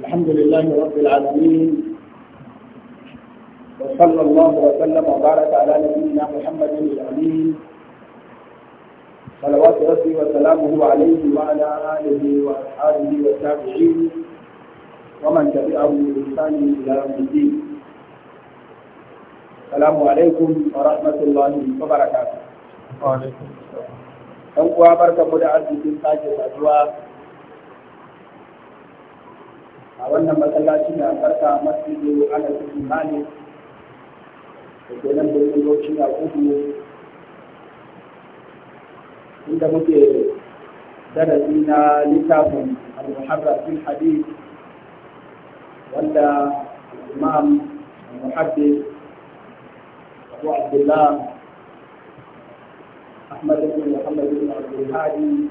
الحمد لله رب العالمين وصلى الله وسلم وبارك على نبينا محمد الامين صلوات ربي وسلامه عليه وعلى اله واصحابه والتابعين ومن تبعهم باحسان الى يوم الدين السلام عليكم ورحمه الله وبركاته وعليكم السلام. أن أبارك مدعاء الدين ساجد أدوار a wannan masallaci da albarka masjidu ala imani da ke nan da yi a kudu inda muke darasi na littafin al-muharrar hadith wanda imam al abu abdullah ahmad ibn muhammad ibn abdul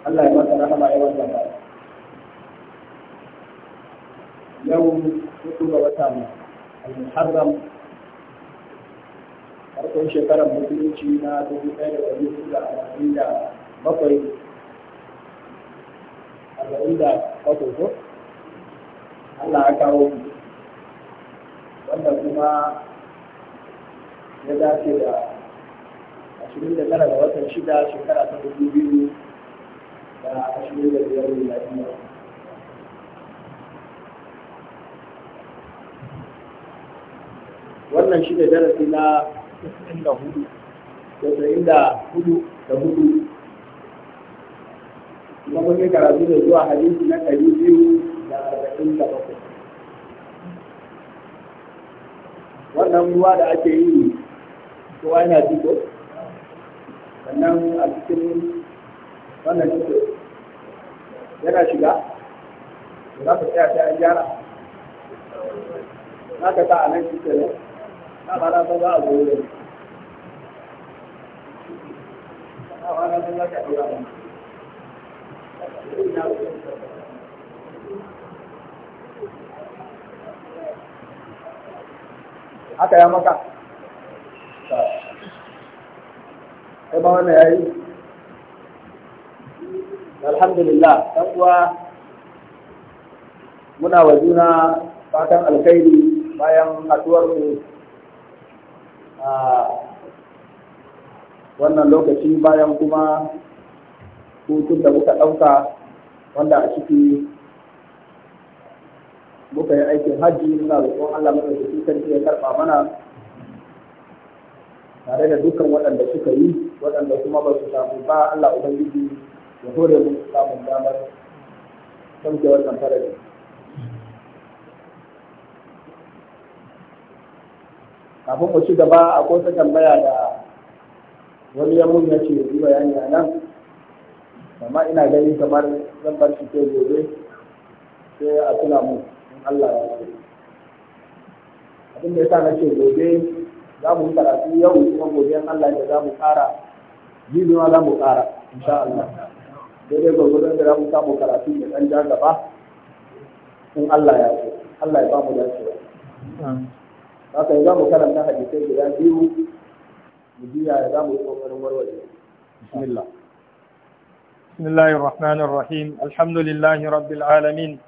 Allah ya masa rahama ya ba yau hudu ga watan al-muharram farkon shekarar musulunci na dubu ɗaya da ɗari da arba'in da bakwai arba'in da bakwai ko Allah ya kawo wanda kuma ya dace da ashirin da tara ga watan shida shekara ta dubu biyu da ashirin da biyar da wannan shi ne darasi na 94 da hudu kuma mun yi karatu da zuwa hadisi na ɗari da arba'in da bakwai wannan ruwa da ake yi kowa yana jiko sannan a cikin wannan jiko yana shiga za ka tsaya sai an gyara za ka sa a nan cikin Aka ya maka ba wani ya yi alhamdulillah ɗan uwa muna wa juna fatan alkhairi bayan haɗuwar mu wannan lokaci bayan kuma hutun da muka ɗauka wanda a ciki muka yi aikin hajji muna roƙon Allah mai da sarki ya karɓa mana tare da dukkan waɗanda suka yi waɗanda kuma ba su samu ba Allah Ubangiji ya hore mu samun damar sauke wannan farari. kafin mu ci gaba a kosa tambaya da wani ya mun yace yi bayani a nan amma ina ganin kamar zan bar shi ke gobe sai a tuna mu in Allah ya so abin da yasa na ce gobe za mu karatu yau kuma gobe in Allah ya za mu ƙara jibi ma za mu ƙara insha Allah daidai gwagwadon da za mu samu karatu da ɗan ja gaba in Allah ya ce. Allah ya ba mu dacewa. haka yanzu mu karanta hadisai guda biyu mu biya ya zamu yi kokarin warware bismillah بسم الله الرحمن الرحيم الحمد لله رب العالمين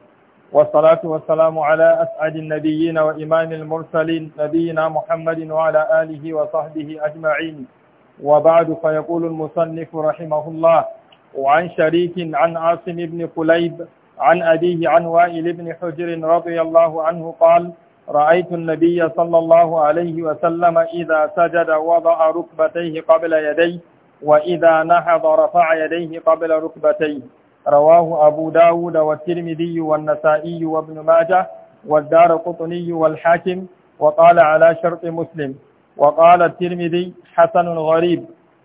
والصلاة والسلام على أسعد النبيين وإمام المرسلين نبينا محمد وعلى آله وصحبه أجمعين وبعد فيقول المصنف رحمه الله وعن شريك عن عاصم بن قليب عن أبيه عن وائل بن حجر رضي الله عنه قال رأيت النبي صلى الله عليه وسلم إذا سجد وضع ركبتيه قبل يديه وإذا نهض رفع يديه قبل ركبتيه رواه أبو داود والترمذي والنسائي وابن ماجه والدار قطني والحاكم وقال على شرط مسلم وقال الترمذي حسن غريب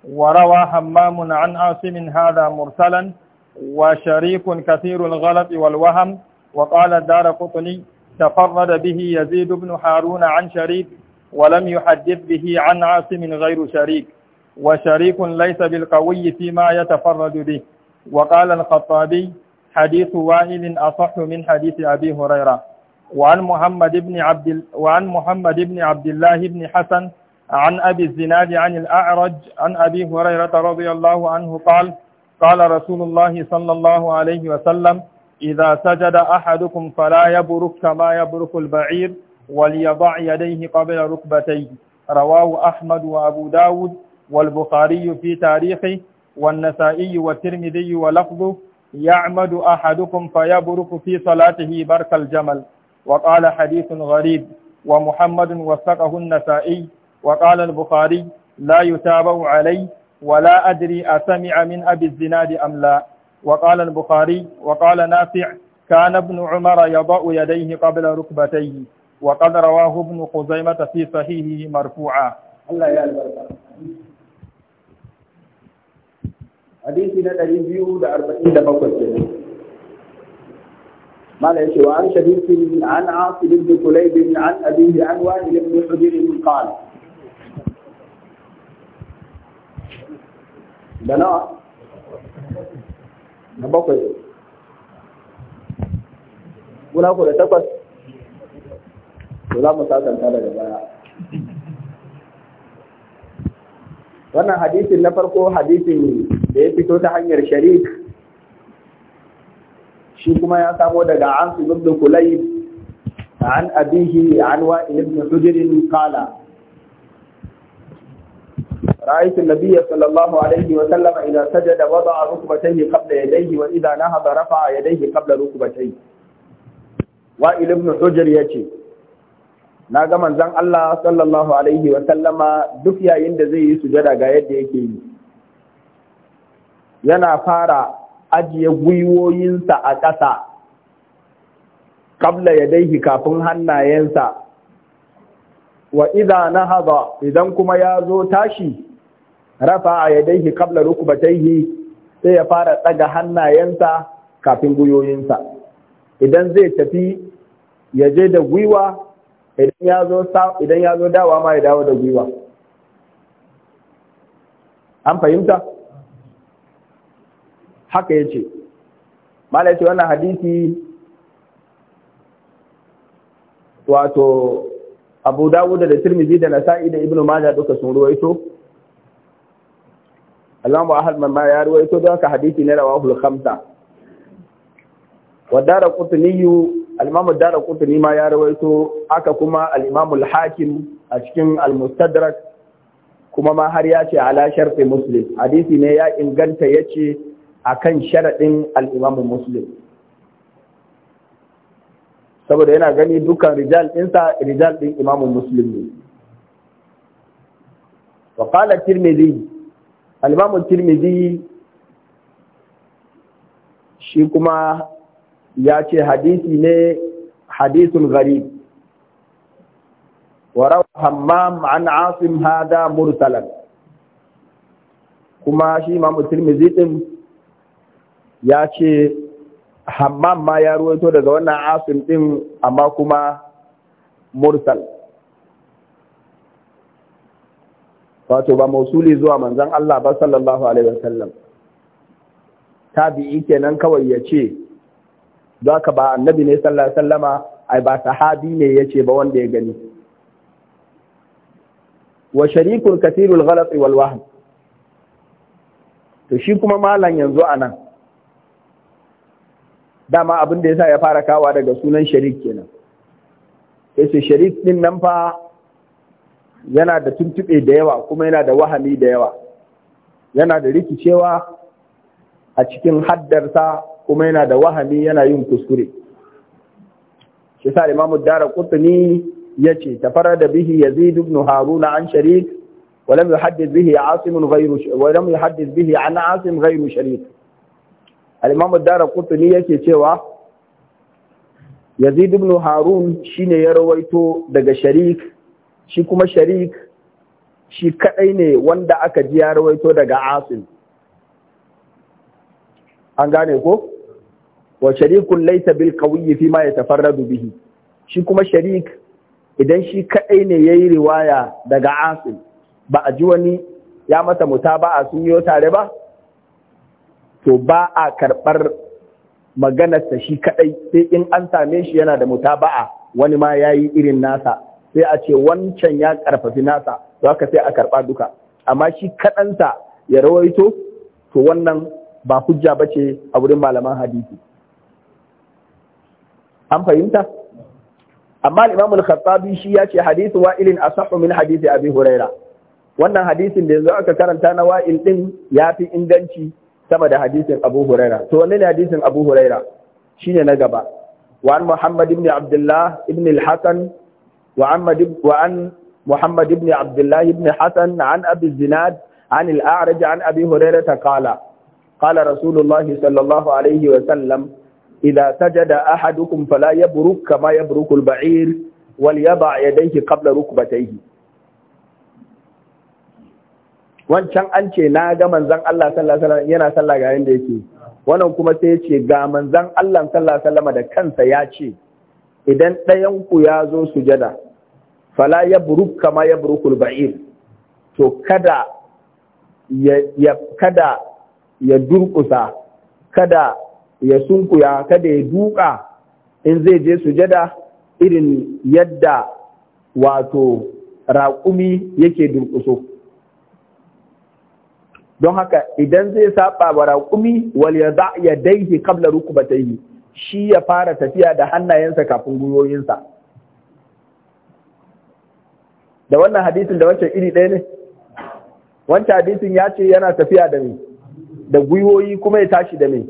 وروى همام عن عاصم هذا مرسلا وشريك كثير الغلط والوهم وقال الدار قطني تفرد به يزيد بن هارون عن شريك ولم يحدث به عن عاصم غير شريك وشريك ليس بالقوي فيما يتفرد به وقال الخطابي حديث وائل أصح من حديث أبي هريرة وعن محمد بن عبد وعن محمد بن عبد الله بن حسن عن أبي الزناد عن الأعرج عن أبي هريرة رضي الله عنه قال قال رسول الله صلى الله عليه وسلم إذا سجد أحدكم فلا يبرك كما يبرك البعير وليضع يديه قبل ركبتيه رواه أحمد وأبو داود والبخاري في تاريخه والنسائي والترمذي ولفظه يعمد أحدكم فيبرك في صلاته برك الجمل وقال حديث غريب ومحمد وثقه النسائي وقال البخاري لا يتابع عليه ولا أدري أسمع من أبي الزناد أم لا وقال البخاري وقال نافع كان ابن عمر يضع يديه قبل ركبتيه وقد رواه ابن خزيمة في صحيحه مرفوعا الله يا البركة حديثي na ɗari biyu da arba'in ما bakwai kenan عن يشي عن عاصم بن كليب عن أبيه عن وائل بن حجر قال دنا na bakwai guna ku da takwas to za mu sasanta daga baya wannan hadisin na farko hadisin da ya fito ta hanyar sharik shi kuma ya samo daga an su zubdin kulayb an abihi an wa'il ibn hujr qala رأيت النبي صلى الله عليه وسلم إذا سجد وضع ركبتيه قبل يديه وإذا نهض رفع يديه قبل ركبتيه وائل بن حجر يجي na ga manzon Allah sallallahu alaihi wa sallama duk yayin da zai yi sujada ga yadda yake yi yana fara ajiye gwiwoyinsa a ƙasa kabla ya daihi kafin hannayensa wa idza nahada idan kuma ya zo tashi rafa'a yadayhi qabla rukbatayhi sai ya fara daga hannayensa kafin guyoyinsa idan zai tafi ya je da gwiwa idan ya zo idan ya zo dawa ma ya dawo da gwiwa an fahimta haka yace malai ce wannan hadisi wato Abu dawuda da Tirmidhi da Nasa'i da Ibn Majah duka sun ruwaito Imam Ahmad ma ya ruwaito da haka hadisi na rawahul khamsa wa dara qutni al-Imam dara qutni ma ya ito aka kuma al-Imam hakim a cikin al-Mustadrak kuma ma har ya ce ala sharfi Muslim hadisi ne ya inganta yace a kan sharaɗin imam Muslim saboda yana gani dukan rijal ɗinsa rijal ɗin Imam Muslim ne وقال Tirmidhi, al'imamun tirmidhi shi kuma ya ce hadisi ne hadisun gari, warawa hammam an asim hada mursalan kuma shi imamun tirmidhi ya ce hammam ma ya ruwato daga wannan asim ɗin amma kuma mursal wato ba mausuli zuwa manzon Allah ba sallallahu alaihi wasallam tabi'i kenan kawai ya ce ka ba annabi ne sallallahu sallama ai ba sahabi ne ya ce ba wanda ya gani wa sharikun kasirul ghalat wal to shi kuma malam yanzu anan dama abin da sa ya fara kawa daga sunan sharik kenan sai sharik ɗin nan fa yana da tuntube da yawa kuma yana da wahami da yawa yana da rikicewa a cikin haddarsa kuma yana da wahami yana yin kuskure shi sa imamu dara kutuni ya ce tafarrada bihi yazid ibn haruna an sharik ولم يحدث به عاصم غير ولم يحدث به عن عاصم غير شريك الامام الدارقطني yake cewa Yazid ibn Harun shine ya daga Sharik shi kuma sharik shi kadai ne wanda aka ji ya rawaito daga asin? an gane ko wa sharikun laita bil kawiyi fi ma yatafarradu bihi shi kuma sharik idan shi kadai ne yayi riwaya daga asin ba a ji wani ya masa mutaba'a sun yi tare ba to ba a karɓar maganarsa shi kadai sai in an same shi yana da mutaba'a wani ma yayi irin nasa sai a ce wancan ya karfafi nasa to ka sai a karba duka amma shi kaɗansa ya rawaito to wannan ba hujja ba ce a wurin malaman hadisi an fahimta amma imam al-khattabi shi ya ce hadithu wa'ilin asahhu min hadisi abi huraira wannan hadisin da yanzu aka karanta na wa'il din ya fi inganci sama da hadisin abu huraira to wannan hadisin abu huraira shine na gaba wa muhammad ibn abdullah ibn al-hasan وعمد وعن محمد بن عبد الله بن حسن عن أبي الزناد عن الأعرج عن أبي هريرة قال قال رسول الله صلى الله عليه وسلم إذا سجد أحدكم فلا يبرك كما يبرك البعير وليضع يديه قبل ركبتيه wancan an ce na ga manzan Allah sallallahu alaihi wasallam yana sallah ga yanda yake wannan kuma sai ya ce ga manzan Allah sallallahu alaihi wasallam da kansa ya ce idan ɗayan ku ya zo sujada fala ya buruk kama ya burukul ba'ir to kada ya kada ya durkusa kada ya sunkuya kada ya duka in zai je sujada irin yadda wato raƙumi yake durƙuso don haka idan zai saba wa raƙumi wal ya za ya daihi kabla rukubatayi shi ya fara tafiya da hannayensa kafin gwiwoyinsa da wannan hadisin da wancan iri ɗaya ne wancan hadisin ya ce yana tafiya da mai da gwiwoyi kuma ya tashi da mai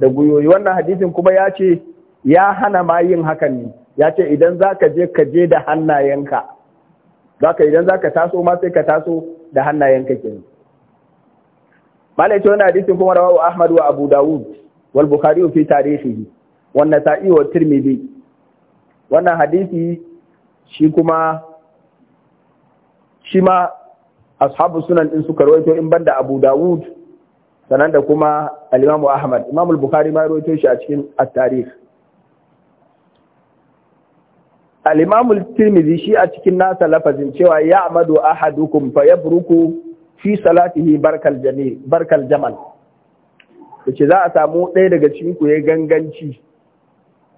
da gwiwoyi wannan hadisin kuma ya ce ya hana ma yin hakan ne ya ce idan za ka je ka je da hannayenka za ka idan za ka taso ma sai ka taso da hannayenka ke malai wannan hadisin kuma rawahu ahmad wa abu dawud wal bukhari fi tarihihi wannan sa'i wa tirmidhi wannan hadisi shi kuma shi ma ashabu sunan din suka rawaito in banda Abu Dawud sanan da kuma al-Imam Ahmad Imam al-Bukhari ma rawaito shi a cikin at-tarikh al-Imam tirmidhi shi a cikin nasa lafazin cewa ya'madu ahadukum yabruku fi salatihi barkal jamil barkal jamal yace za a samu ɗaya daga cikin ku ya ganganci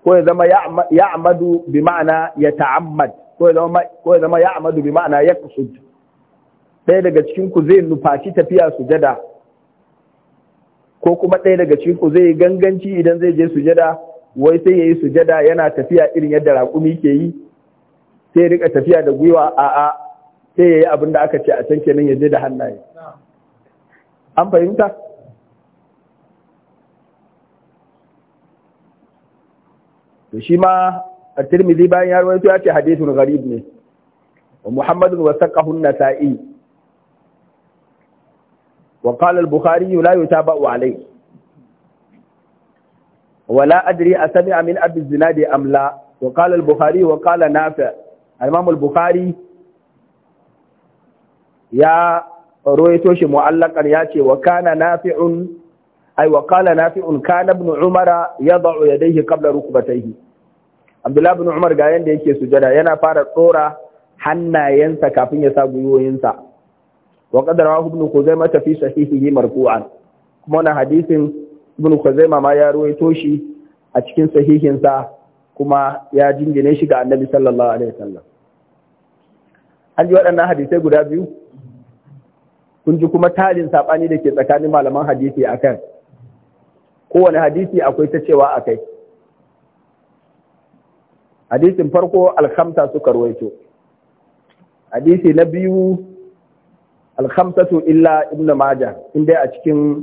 ko ya zama ya'madu bi ma'ana yata'ammad ko ya zama ya amadu bi ma'ana ya kusu ɗaya daga cikin ku zai nufaci tafiya sujada ko kuma ɗaya daga cikin ku zai ganganci idan zai je sujada wai sai yayi sujada yana tafiya irin yadda raƙumi ke yi sai rika tafiya da gwiwa a'a sai yayi abin da aka ce a can kenan ya je da hannaye an fahimta to shi ma الترمذي بان يا ya ياتي حديث غريب hadithun ومحمد ne النسائي وقال البخاري لا يتابع عليه ولا أدري أسمع من أبي الزناد أم لا وقال البخاري وقال نافع الإمام البخاري يا شي معلقا ياتي وكان نافع أي وقال نافع كان ابن عمر يضع يديه قبل ركبتيه Abdullahi bin Umar ga yanda yake sujada yana fara tsora hannayensa kafin ya sa gwiwoyinsa. Wa qadara ibn Khuzaimah fi sahihihi marfu'an. Kuma na hadisin ibn Khuzaimah ma ya ruwaito shi a cikin sahihinsa kuma ya jingine shi ga Annabi sallallahu alaihi wasallam. An ji waɗannan hadisai guda biyu kun ji kuma talin saɓani da ke tsakanin malaman hadisi akan kowane hadisi akwai ta cewa akai. hadisin farko alhamta suka ruwaito hadisi na biyu su illa ibn maja inda a cikin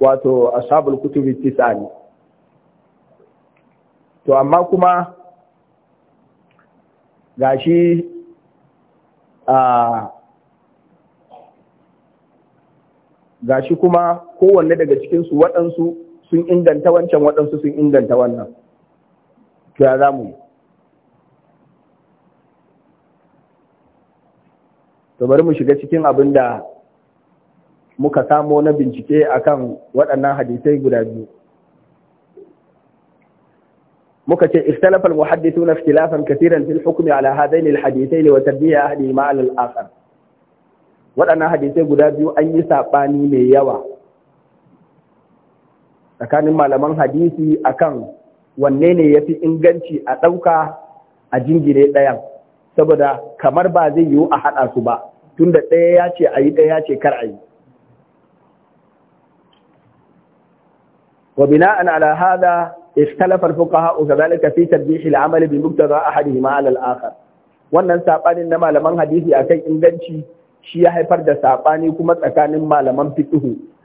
wato ashabul kutubi tisa to amma kuma gashi a gashi kuma kowanne daga cikinsu waɗansu sun inganta wancan waɗansu sun inganta wannan to ya za mu yi to bari mu shiga cikin abin da muka samo na bincike akan waɗannan hadisai guda biyu muka ce ikhtalafa al-muhaddithun ikhtilafan katiran fil hukmi ala hadaini al-hadithaini wa tarbiya ahli ma al waɗannan hadisai guda biyu an yi saɓani mai yawa tsakanin malaman hadisi akan wanne ne ya fi inganci a ɗauka a jingine ɗayan saboda kamar ba zai yiwu a haɗa su ba tunda ɗaya ya ce a yi ɗaya ya ce kar a yi وبناء على هذا اختلف الفقهاء كذلك في ترجيح za a احدهما على الاخر wannan saɓanin na malaman hadisi akan inganci shi ya haifar da saɓani kuma tsakanin malaman fiqh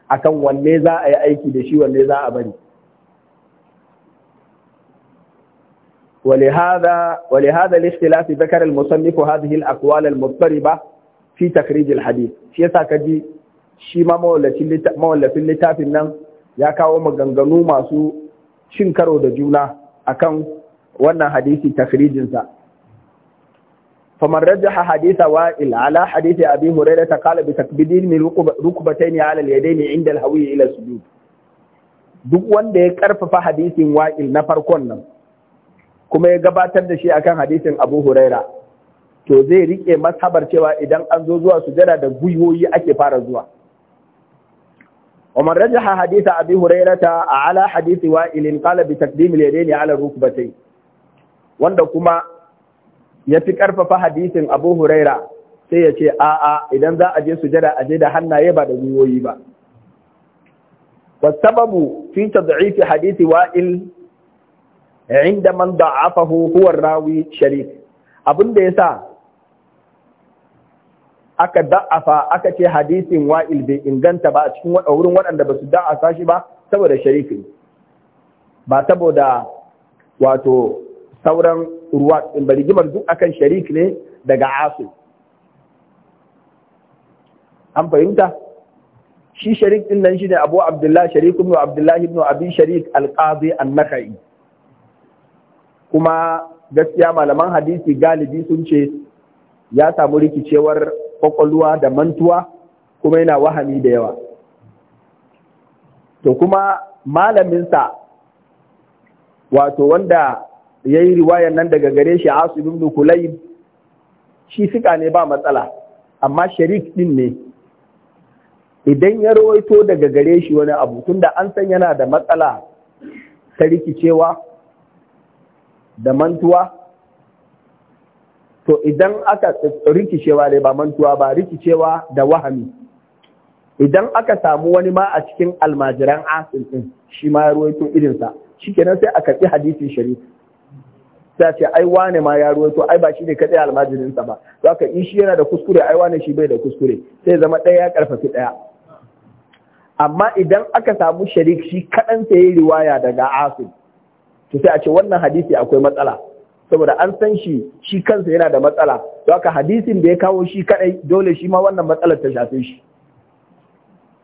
akan wanne za a yi aiki da shi wanne za a bari ولهذا ولهذا الاختلاف ذكر المصنف هذه الأقوال المضطربة في تخريج الحديث شيء ساكجي shi ma mawallafin littafin nan ya kawo maganganu masu cin karo da juna akan wannan hadisi takrijinsa faman rajaha hadisa wa'il ala hadisi abi hurairah ta qala bi takbidin min rukbatayn ala al-yadayn inda al-hawi ila sujud duk wanda ya karfafa hadisin wa'il na farkon nan kuma ya gabatar da shi akan hadisin Abu Huraira to zai rike mashabar cewa idan an zo zuwa sujada da gwiwoyi ake fara zuwa huraira ta ala hadisi wa ilin qala bi taqdim al اليدين ala الركبتين wanda kuma ya fi ƙarfafa hadisin Abu Huraira sai ya ce a'a idan za a je sujada a je da hannaye ba da gwiwoyi ba. sababu fi tad'ifi hadisi Wa'il inda man da'afahu huwa rawi sharif abin da ya sa aka da'afa aka ce hadisin wa'il bai inganta ba a cikin wurin waɗanda ba su da'afa shi ba saboda sharifi ba saboda wato sauran ruwa in bari rigimar duk akan sharik ne daga asu an fahimta shi sharik din nan ne abu abdullah sharik ibn abdullah ibn abin sharik al-qadi an-nakhai kuma gaskiya malaman hadisi galibi sun ce ya samu rikicewar kwakwalwa da mantuwa kuma yana wahami da yawa to kuma malaminsa wato wanda ya yi riwayan nan daga gare shi asu ibn kulayb shi suka ne ba matsala amma sharik din ne idan ya rawaito daga gare shi wani abu tunda an san yana da matsala ta rikicewa da mantuwa to idan aka rikicewa ne ba mantuwa ba rikicewa da wahami idan aka samu wani ma a cikin almajiran asin din shi ma ya ruwaito irinsa shi kenan sai a karɓi hadisin sharif sai ce ai wane ma ya ruwaito ai ba shi ne kadai almajirinsa ba to aka yi shi yana da kuskure ai wane shi bai da kuskure sai zama ɗaya ya karfafi ɗaya amma idan aka samu sharif shi kaɗan sai ya riwaya daga asin to sai a ce wannan hadisi akwai matsala saboda an san shi shi kansa yana da matsala to haka hadisin da ya kawo shi kadai dole shi ma wannan matsalar ta shafe shi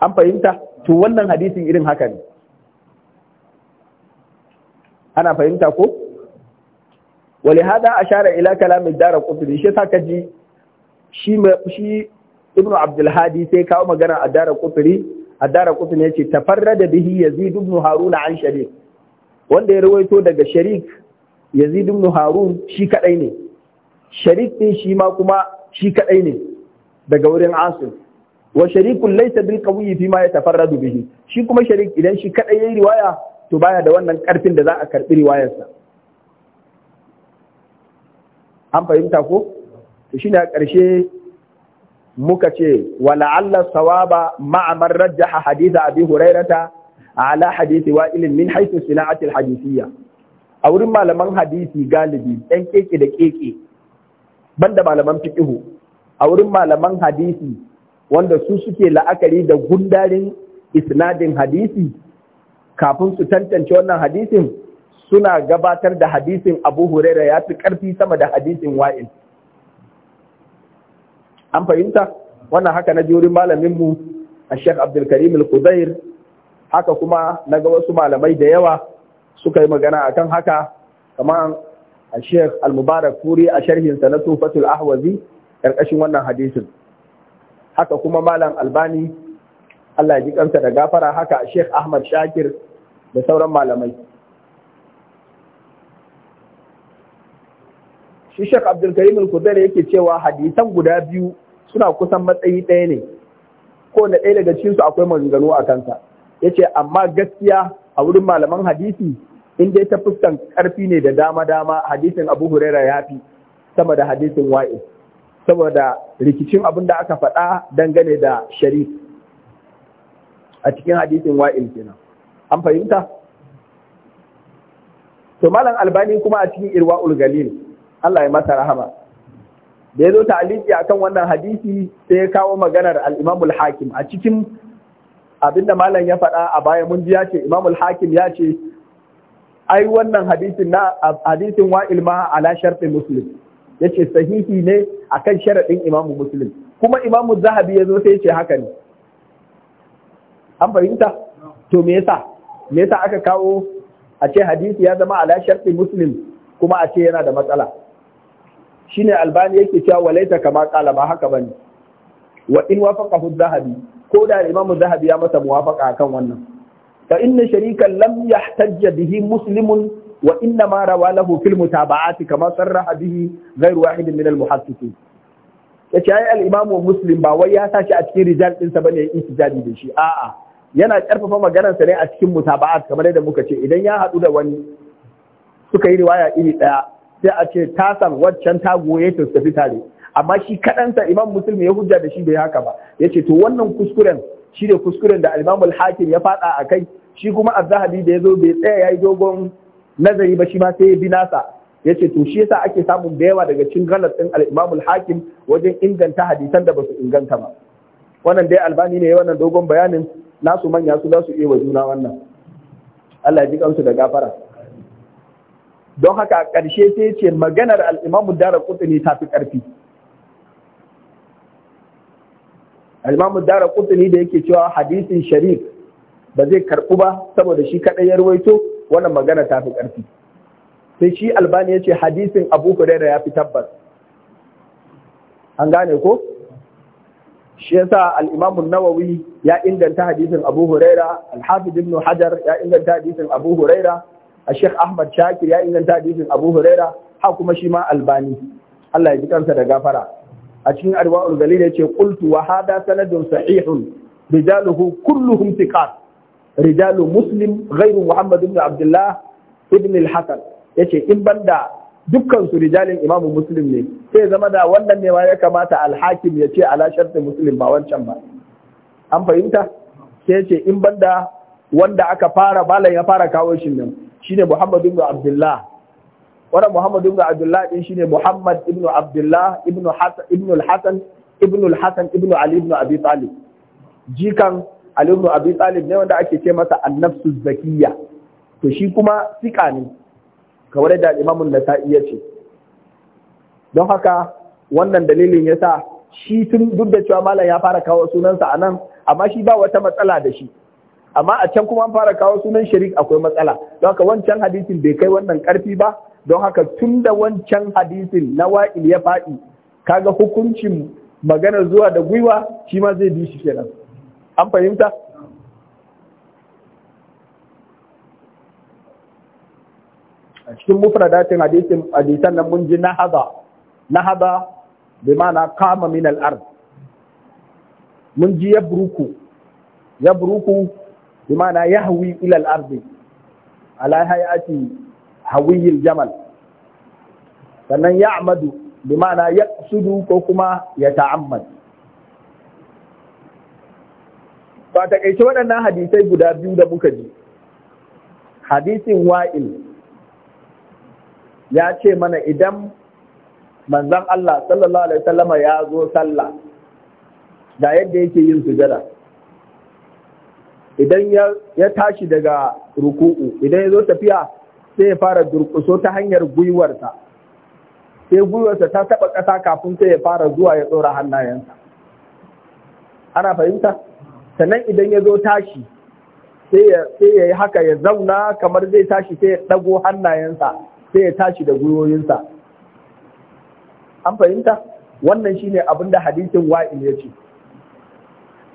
an fahimta to wannan hadisin irin haka ne ana fahimta ko ولهذا أشار إلى كلام الدار القطني شي ساكجي شي شي ابن عبد الهادي سي كاو مغانا الدار القطني الدار القطني يتي تفرد به يزيد بن هارون عن شريك wanda ya rawaito daga sharik yazid ibn harun shi kadai ne sharik din shi ma kuma shi kadai ne daga wurin asim wa sharikun laysa bil qawi fi ma yatafarradu bihi shi kuma sharik idan shi kadai yayi riwaya to baya da wannan karfin da za a karbi riwayarsa an fahimta ko to shine a ƙarshe muka ce alla sawaba ma'amar rajjaha hadith abi hurairata ala hadisi ilin min haythu sina'atil hadisiyya a wurin malaman hadisi galibi ɗan keke da keke banda malaman ihu, a wurin malaman hadisi wanda su suke la'akari da gundarin isnadin hadisi kafin su tantance wannan hadisin suna gabatar da hadisin Abu Huraira ya fi ƙarfi sama da hadisin Wa'il an fahimta wannan haka na jurin malaminmu a Sheikh Abdulkarim al kudair haka kuma na ga wasu malamai da yawa suka yi magana akan haka kamar Sheikh Al-Mubarak Furi a sharhinsa na Tufatul Ahwazi ƙarƙashin wannan hadisin haka kuma Malam Albani Allah ji kansa da gafara haka a Sheikh Ahmad Shakir da sauran malamai shi Sheikh Abdulkarim al kudar yake cewa hadisan guda biyu suna kusan matsayi ɗaya ne ko na ɗaya daga cikinsu akwai maganganu a kansa ya ce amma gaskiya a wurin malaman hadisi in dai ta fuskan karfi ne da dama dama hadisin Abu Huraira ya fi sama da hadisin Wa'il saboda rikicin abin da aka faɗa dangane da sharif a cikin hadisin Wa'il kenan an fahimta to malam albani kuma a cikin irwa'ul galil Allah ya masa rahama da ya zo ta'aliki akan wannan hadisi sai ya kawo maganar al imamul hakim a cikin abinda malam ya faɗa a baya mun ji ya ce imamul hakim ya ce ai wannan hadisin na hadisin wa'il ma ala shartin muslim yace sahihi ne akan sharadin imam muslim kuma Imam zahabi yazo sai yace haka ne an fahimta to me yasa me yasa aka kawo a ce hadisi ya zama ala sharti muslim kuma a ce yana da matsala shine albani yake cewa walaita kama kala ba haka bane wa in wafaqahu zahabi ko da Imam Zahabi ya masa muwafaka akan wannan fa inna sharikan lam yahtajja bihi muslimun wa inna ma rawa lahu fil mutaba'ati kama sarraha bihi ghayr wahid min al muhaddithin yace ai al Imam Muslim ba wai ya sashi a cikin rijal din sa bane ya istijabi da shi a'a yana karfafa maganar sa ne a cikin mutaba'at kamar yadda muka ce idan ya hadu da wani suka yi riwaya iri daya sai a ce ta san waccan ta goye ta tafi tare amma shi kaɗansa imam muslim ya hujja da shi bai haka ba ya ce to wannan kuskuren shi ne kuskuren da al'imamul hakim ya faɗa a kai shi kuma a zahabi da ya zo bai tsaya ya yi dogon nazari ba shi ma sai ya bi nasa ya ce to shi yasa ake samun da yawa daga cin galas ɗin al'imamul hakim wajen inganta hadisan da ba su inganta ba wannan dai albani ne wannan dogon bayanin nasu manya su za su iya wa juna wannan Allah ya ji kansu da gafara don haka a ƙarshe sai ce maganar al'imamu dara dara kutuni ta fi ƙarfi al dara qutni da yake cewa hadisin sharif ba zai karɓu ba saboda shi kaɗai ya ruwaito wannan magana ta fi ƙarfi sai shi albani ya ce hadisin abu hurairah ya fi tabbas an gane ko shi yasa al-imamu nawawi ya inganta hadisin abu hurairah al-hafiz ibn hajar ya inganta hadisin abu hurairah al-sheikh ahmad shakir ya inganta hadisin abu hurairah ha kuma shi ma albani Allah ya ji kansa da gafara a cikin arwa'ul galil yace qultu wa hada sanadun sahihun rijaluhu kulluhum thiqat rijalu muslim ghairu muhammad ibn abdullah ibn al-hasan yace in banda dukkan su rijalin imamu muslim ne sai zama da wannan ne ma ya kamata al-hakim ce ala sharti muslim ba wancan ba an fahimta sai yace in banda wanda aka fara balan ya fara kawo shi nan shine muhammad ibn abdullah wannan Muhammad ibn Abdullah din shine Muhammad ibn Abdullah ibn Hasan ibn al-Hasan ibn al Ali ibn Abi Talib jikan Ali ibn Abi Talib ne wanda ake ce masa an-nafsu zakiyya to shi kuma sika ne kamar da Imam an-Nasa'i ya ce don haka wannan dalilin yasa shi tun duk da cewa malam ya fara kawo sunansa a nan amma shi ba wata matsala da shi amma a can kuma an fara kawo sunan sharik akwai matsala don haka wancan hadisin bai kai wannan karfi ba don haka tun da wancan hadisin na wa'il ya faɗi kaga hukuncin maganar zuwa da gwiwa shi ma zai bi shi kenan an fahimta a cikin mufradatin hadisin hadisan nan mun ji na nahada bi ma'ana kama min al'ar mun ji yabruku yabruku bi ma'ana yahwi hawi ilal ard ala hayati hawiyil jamal sannan ya amadu bi ma'ana ya sudu ko kuma ya ta'ammad ba ta kaice waɗannan hadisai guda biyu da muka ji hadisin wa'il ya ce mana idan manzan Allah sallallahu alaihi Sallama ya zo sallah da yadda yake yin sujada idan ya tashi daga ruku'u idan ya zo tafiya sai ya fara durƙuso ta hanyar gwiwarsa sai gwiwarsa ta taɓa ƙasa kafin sai ya fara zuwa ya tsora hannayensa ana fahimta sannan idan ya zo tashi sai ya yi haka ya zauna kamar zai tashi sai ya ɗago hannayensa sai ya tashi da gwiwoyinsa an fahimta wannan shine abin da hadisin wa'il ya ce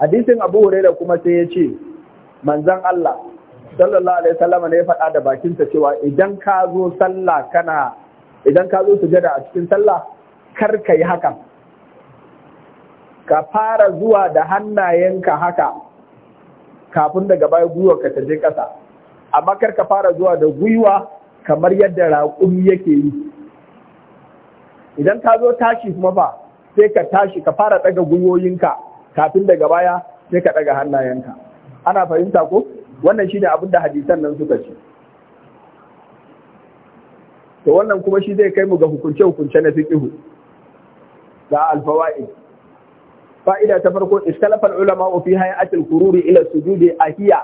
hadisin abu kuma sai ya ce manzan Allah sallallahu alaihi wasallam ne ya faɗa da bakinsa cewa idan ka zo sallah kana idan ka zo sujada a cikin sallah kar ka yi hakan ka fara zuwa da hannayenka haka kafin daga baya gwiwa ka taje ƙasa amma kar ka fara zuwa da gwiwa kamar yadda raƙumi yake yi idan ka zo tashi kuma fa sai ka tashi ka fara ɗaga gwiwoyinka kafin daga baya sai ka ɗaga hannayenka ana fahimta ko wannan shi ne abinda hadisan nan suka ce to wannan kuma shi zai kai mu ga hukunce-hukunce na fiƙihu. ga alfawa'i fa'ida ta farko iskalafar ulama fi hay'ati al kururi ila sujudi ahiya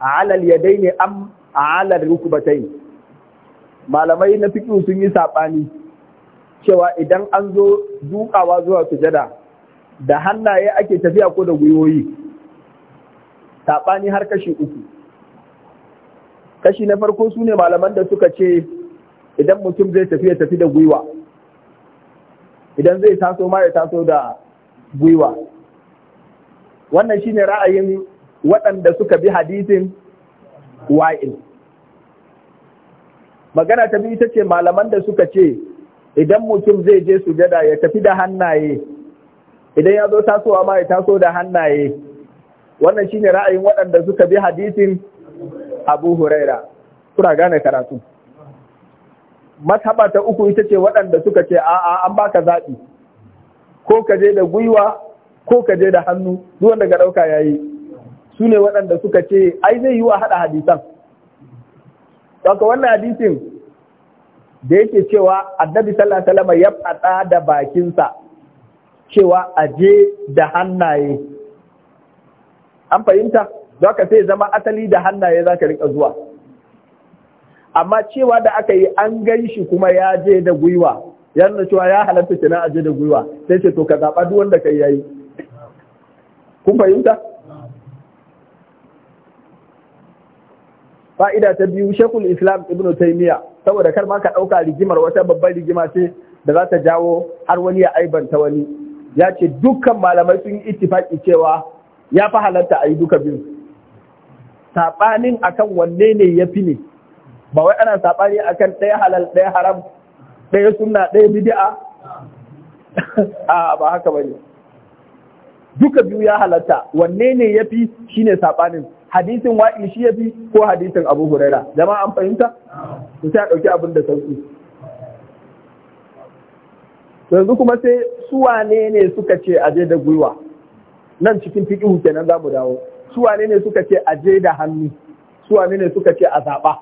ala al-yadayn am ba ta yi. malamai na fiƙihu sun yi saɓani cewa idan an zo dukawa zuwa sujada da hannaye ake tafiya ko da gwiwoyi saɓani har kashi uku kashi na farko su ne malaman da suka ce idan mutum zai tafi ya tafi da gwiwa idan zai taso ma ya taso da gwiwa wannan shine ra'ayin waɗanda suka bi hadisin wa'in. magana ta biyu ita ce malaman da suka ce idan mutum zai je sujada ya tafi da hannaye idan ya zo tasowa ma ya taso da hannaye wannan shine ra'ayin waɗanda suka bi hadisin Abu Huraira kuna gane karatu mazhaba ta uku ita ce waɗanda suka ce a'a an baka zaɓi ko ka je da gwiwa ko ka je da hannu duk daga ka ɗauka yayi su ne waɗanda suka ce ai zai yi wa haɗa hadisan Saka wannan hadisin da yake cewa annabi sallallahu alaihi ya faɗa da bakinsa cewa a je da hannaye an fahimta don ka sai zama asali da hannaye za ka riƙa zuwa amma cewa da aka yi an gan shi kuma ya je da gwiwa ya cewa ya halatta na aje da gwiwa sai ce to ka zaɓa duk wanda kai yayi kun fahimta fa'ida ta biyu shekul islam ibnu taimiya saboda kar ma ka ɗauka rigimar wata babbar rigima ce da za ta jawo har wani ya aibanta wani ya ce dukkan malamai sun yi ittifaki cewa ya fi halatta a yi duka biyu saɓanin a kan wanne ne ya fi ne ba wai ana saɓani akan ɗaya halal ɗaya haram ɗaya suna ɗaya bidi'a? a ba haka ba ne. duka biyu ya halatta wanne ne ya fi ne saɓanin hadisin wa'i shi ya fi ko hadisin abu huraira zama an fahimta su sai a ɗauki abin da sauƙi yanzu kuma sai su wane ne suka ce aje da gwiwa nan cikin fiƙihu kenan za mu dawo su wane ne suka ce a je da hannu su wane ne suka ce a zaɓa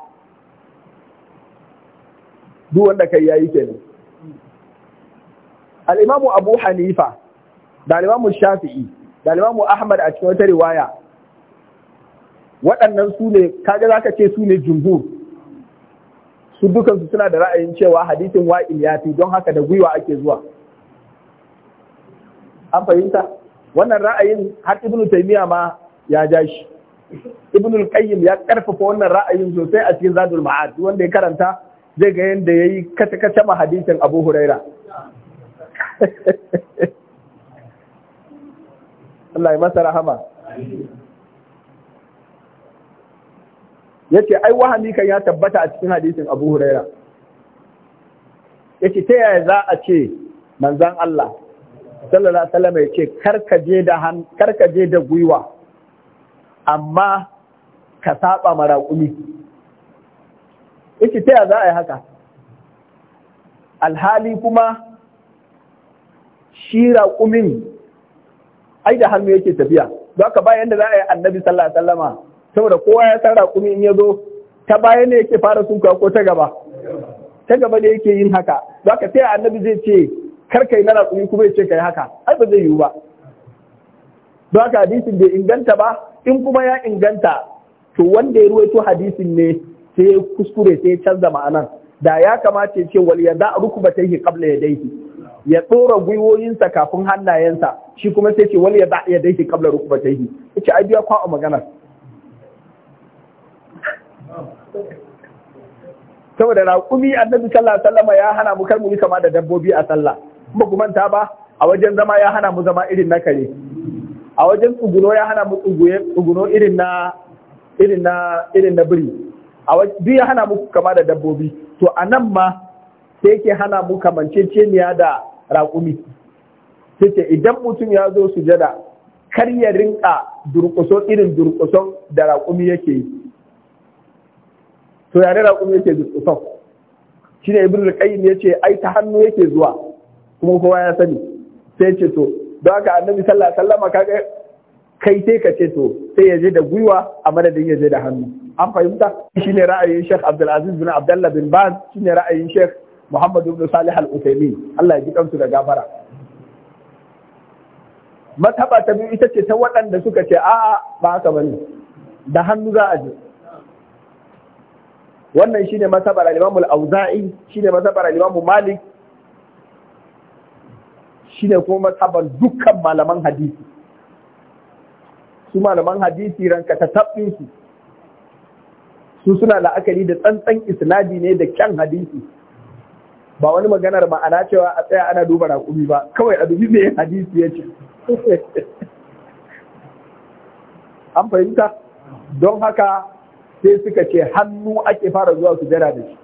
duk wanda kai yayi kenan al-imamu abu hanifa da al shafi'i da al ahmad a cikin wata riwaya waɗannan su ne kaga zaka ce su ne jumhur su dukansu suna da ra'ayin cewa hadisin wa'il ya fi don haka da gwiwa ake zuwa an fahimta wannan ra'ayin har ibn taymiya ma ya ja shi ibnu qayyim ya karfafa wannan ra'ayin sosai a cikin zadul ma'ad wanda ya karanta zai ga yanda yayi kace kace ma hadisin abu huraira Allah ya masa rahama yace ai wahami kan ya tabbata a cikin hadisin abu huraira yace ta yaya za a ce manzon Allah sallallahu alaihi wasallam ya ce karkaje da han da gwiwa amma ka saba maraƙumi yace taya za a yi haka alhali kuma shi raƙumin ai da hannu yake tafiya don ka bayan da za a yi annabi sallallahu alaihi wasallama saboda kowa ya san raƙumi in ya zo ta baya ne yake fara suka ko ta gaba ta gaba ne yake yin haka don ka taya annabi zai ce kar kai na raƙumi kuma ya ce kai haka ai ba zai yiwu ba don haka hadisin bai inganta ba in kuma ya inganta to wanda ya ruwaito hadisin ne sai ya kuskure sai ya canza ma'anan da ya kamata ya ce wal ya da rukubataihi qabla yadayhi ya tsora gwiwoyinsa kafin hannayensa shi kuma sai ce wal ya da yadayhi qabla rukubataihi ce ai biya kwa magana saboda raƙumi annabi sallallahu alaihi wasallam ya hana mu kar mu yi kama da dabbobi a sallah ba ku ba a wajen zama ya hana mu zama irin na kare a wajen tsuguno ya hana mu tsuguno irin na irin na irin na biri a wajen ya hana mu kama da dabbobi to a nan ma sai yake hana mu kamanceceniya da raƙumi sai ce idan mutum ya zo sujada kar ya rinka durƙuson irin durƙuson da raƙumi yake yi to yare raƙumi yake durƙuson shi ne ibn al-qayyim yace ai ta hannu yake zuwa kuma kowa ya sani sai ce to don haka annabi sallallahu alaihi wasallam kaga kai sai ka ce to sai ya je da gwiwa a madadin ya je da hannu an fahimta shine ra'ayin Sheikh Abdul Aziz bin Abdullah bin Baz shine ra'ayin Sheikh Muhammad ibn Salih al-Uthaymeen Allah ya ji kansu da gafara mataba ta biyu ita ce ta waɗanda suka ce a'a ba haka bane da hannu za a je wannan shine masabar al-Imam al-Auza'i shine masabar al-Imam Malik shine kuma matsaban dukkan malaman hadisi su malaman hadisi ranka ta tabbin su suna la'akari da tsantsan isnadi ne da kyan hadisi ba wani maganar ma'ana cewa a tsaya ana duba raƙumi ba kawai a dubi mai hadisi ya ce an fahimta don haka sai suka ce hannu ake fara zuwa su jira da shi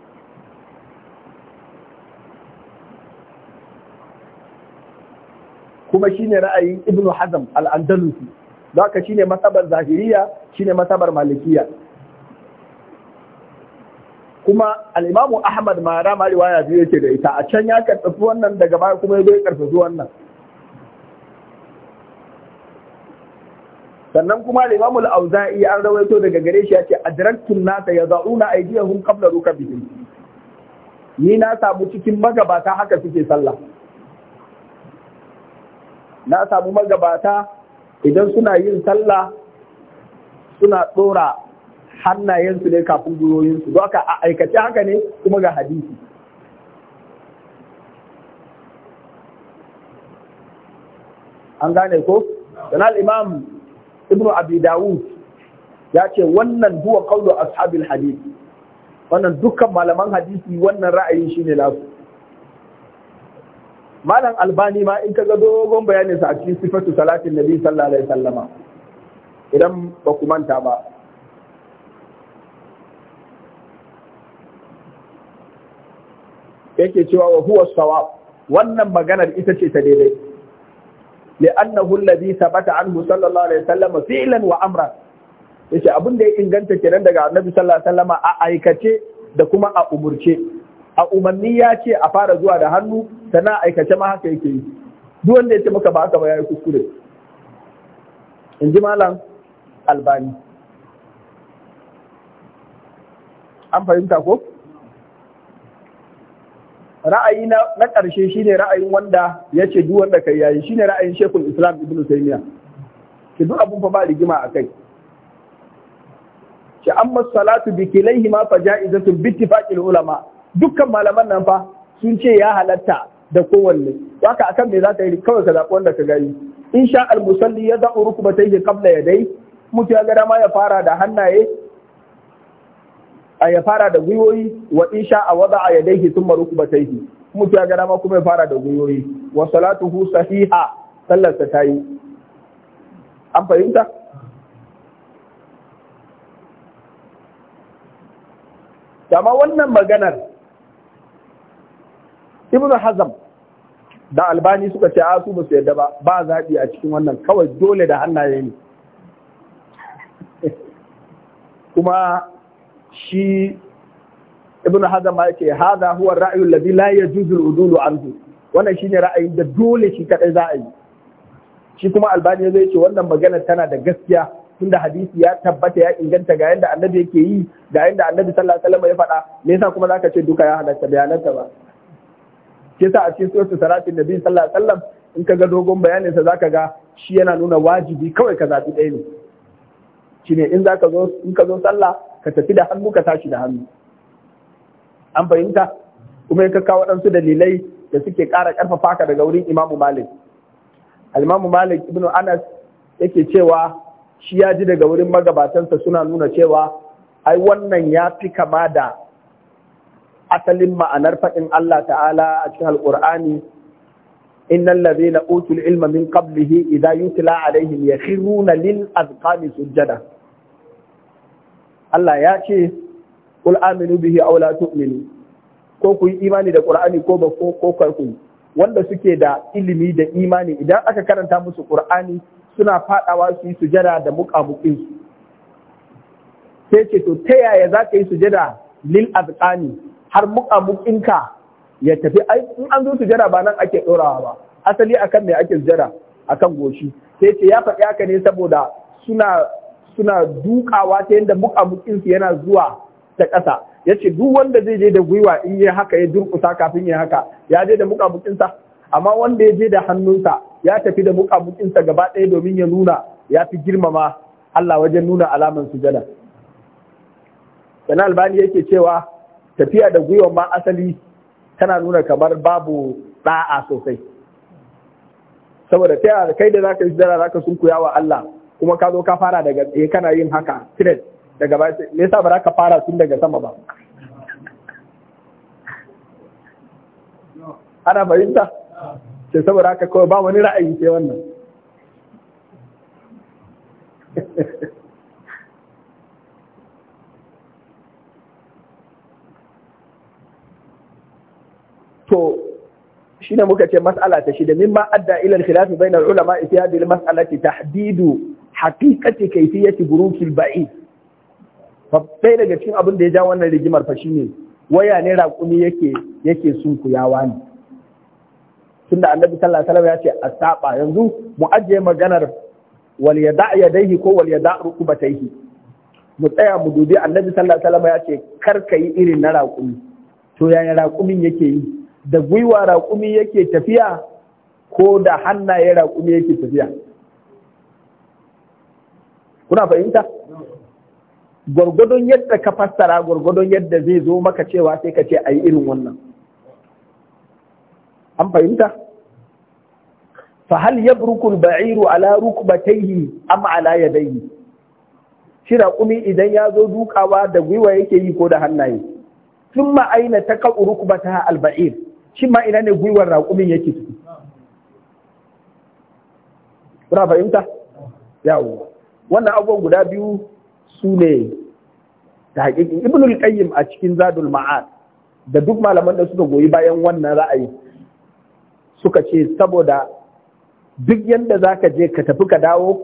kuma shine ra'ayin Ibn Hazm al-Andalusi don haka shine masabar zahiriya shine masabar malikiya kuma al-Imam Ahmad ma rama riwaya biyu yake da ita a can ya karfafi wannan daga baya kuma ya zo ya karfafi wannan sannan kuma al-Imam al-Auza'i an rawaito daga gare shi yace adraktu an-nasa yad'una aydiyahum qabla rukabihim ni na samu cikin magabata haka suke sallah na samu magabata idan suna yin sallah suna tsora hannayensu ne kafin gwiwoyinsu don haka a aikace haka ne kuma ga hadisi an gane ko sanal imam Ibn abi dawud ya ce wannan huwa qawlu ashabin hadisi wannan dukkan malaman hadisi wannan ra'ayin shi ne lafi malam albani ma in ka ga dogon bayanin sa a cikin sifatu salatin nabi sallallahu alaihi wasallam idan ba ku manta ba yake cewa wa huwa sawab wannan maganar ita ce ta daidai li'annahu alladhi thabata anhu sallallahu alaihi wasallam fi'lan wa amran yace abin da ya inganta kenan daga annabi sallallahu alaihi wasallama a aikace da kuma a umurce a umanni ya ce a fara zuwa da hannu sana aikace ma haka yake yi duk wanda ya ce maka ba haka ba yayi kuskure in ji malam albani an fahimta ko ra'ayi na na ƙarshe shine ra'ayin wanda ya ce duk wanda kai yayi shine ra'ayin shekul islam ibn taymiya ki duk abun fa ba rigima akai ki amma salatu bi kilaihi ma fa ja'izatu bi ittifaqil ulama dukkan malaman nan fa sun ce ya halatta da kowanne waka akan me za ta yi kawai ka zaɓi wanda ka gani in sha almusalli ya za'u rukubatayhi qabla yadai mutu ya ga dama ya fara da hannaye a ya fara da gwiwoyi wa in sha a wada a yadaihi thumma rukubatayhi mutu ya ga dama kuma ya fara da gwiwoyi wa salatuhu sahiha sallarsa ta yi an fahimta Dama wannan maganar ibnu hazm da albani suka ce a su ba su yadda ba ba zaɓi a cikin wannan kawai dole da hannaye ne kuma shi ibn hazam ma yake haza, huwa ra'ayul ladhi la yajuzu udulu anhu wannan shine ra'ayin da dole shi kadai za a yi shi kuma albani zai ce wannan magana tana da gaskiya tunda hadisi ya tabbata ya inganta ga yanda annabi yake yi ga yanda annabi sallallahu alaihi wasallam ya faɗa me yasa kuma zaka ce duka ya halatta bayananta ba shi yasa a cikin suratul salatin nabi sallallahu alaihi wasallam in ka ga dogon bayanin sa zaka ga shi yana nuna wajibi kawai ka zabi ɗaya ne shine in zaka zo in ka zo sallah ka tafi da hannu ka tashi da hannu an fahimta kuma ka kawo waɗansu dalilai da suke ƙara ƙarfafa ka daga wurin imamu malik al malik ibnu anas yake cewa shi ya ji daga wurin magabatansa suna nuna cewa ai wannan ya fi kama da asalin ma'anar faɗin Allah ta'ala a cikin alƙur'ani innal ladhina utul ilma min qablihi idza yutla alaihim na lil azqani sujada Allah ya ce qul aminu bihi aw la tu'minu ko ku yi imani da ƙur'ani ko ba ko karku wanda suke da ilimi da imani idan aka karanta musu ƙur'ani suna fadawa su yi sujada da muƙamuƙin su sai ce to ta yaya za ka yi sujada lil azqani har muƙamuƙinka ya tafi in an zo sujada ba nan ake ɗorawa ba asali akan mai ake sujada akan goshi sai ce ya faɗi haka ne saboda suna dukawa ta yadda mukinsu yana zuwa ta ƙasa ya ce duk wanda zai je da gwiwa in yi haka ya durƙusa kafin ya haka ya je da mukinsa amma wanda ya je da hannunsa ya tafi da mukinsa gaba ɗaya domin ya nuna ya fi girmama Allah wajen nuna alaman sujada. Sana albani yake cewa tafiya da gwiwa ma asali tana nuna kamar babu ɗa'a sosai saboda ta yara kai da za ka yi zara za ka kuya wa Allah kuma ka zo ka fara daga tsaye eh, kana yin haka tiret daga ba me yasa ba za ka fara tun daga sama ba ana fahimta ce saboda haka kawai ba wani ra'ayi sai wannan to shi ne muka ce mas'ala ta shida ma adda ila al-khilaf bayna al-ulama fi hadhihi al-mas'alati tahdidu haqiqati kayfiyati burukil ba'id ɗaya daga cikin abin da ya ja wannan rigimar fa shine waya ne raƙumi yake yake sunkuyawa ne tunda annabi sallallahu alaihi wasallam ya ce asaba yanzu mu ajiye maganar wal yada yadaihi ko wal yada rukubataihi mu tsaya mu dubi annabi sallallahu alaihi wasallam ya ce kar ka yi irin na raƙumi to yaya raƙumin yake yi da gwiwa raƙumi yake tafiya ko da hannaye raƙumi yake tafiya kuna fahimta gwargwadon yadda ka fassara gwargwadon yadda zai zo maka cewa sai ka ce a yi irin wannan an fahimta fahal yabrukul ba'iru ala rukbatayhi am ala yadayhi shi raƙumi idan ya zo dukawa da gwiwa yake yi ko da hannaye Tun ta أين تقع ركبتها bair shi ma ina ne gwiwar raƙumin yake ciki kuna fahimta yawo wannan abubuwan guda biyu su ne da haƙiƙin ibnul qayyim a cikin zadul ma'ad da duk malaman da suka goyi bayan wannan ra'ayi suka ce saboda duk yadda za ka je ka tafi ka dawo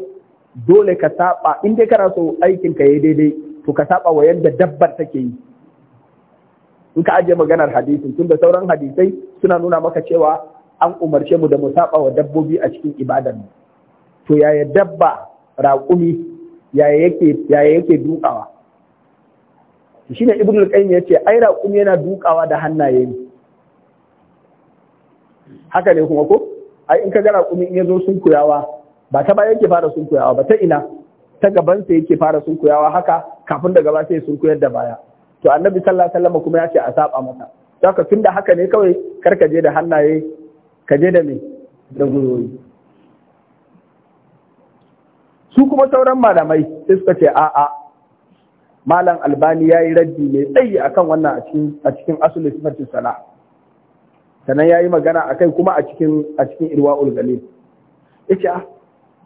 dole ka saba in dai kana so aikinka ya daidai to ka saba wa yadda dabbar take yi in ka ajiye maganar hadisin tunda sauran hadisai suna nuna maka cewa an umarce mu da mu saba wa dabbobi a cikin ibadar mu to yaya dabba raƙumi yaya yake yaya yake dukawa shine ibnu al-qayyim yace ai raƙumi yana dukawa da hannaye ne haka ne kuma ko ai in ka ga raƙumi in yazo sun kuyawa ba ta baya yake fara sun ba ta ina ta gaban sa yake fara sun haka kafin da gaba sai sun kuyar da baya to annabi sallallahu alaihi wasallam kuma ya ce a saba masa saka tunda haka ne kawai kar ka je da hannaye ka je da me da gwiwoyi su kuma sauran malamai sai suka ce a'a malam albani ya yi raddi mai tsayi akan wannan a cikin asulin sifatin sala sannan ya yi magana a kai kuma a cikin a cikin irwa ulgalil yace ah,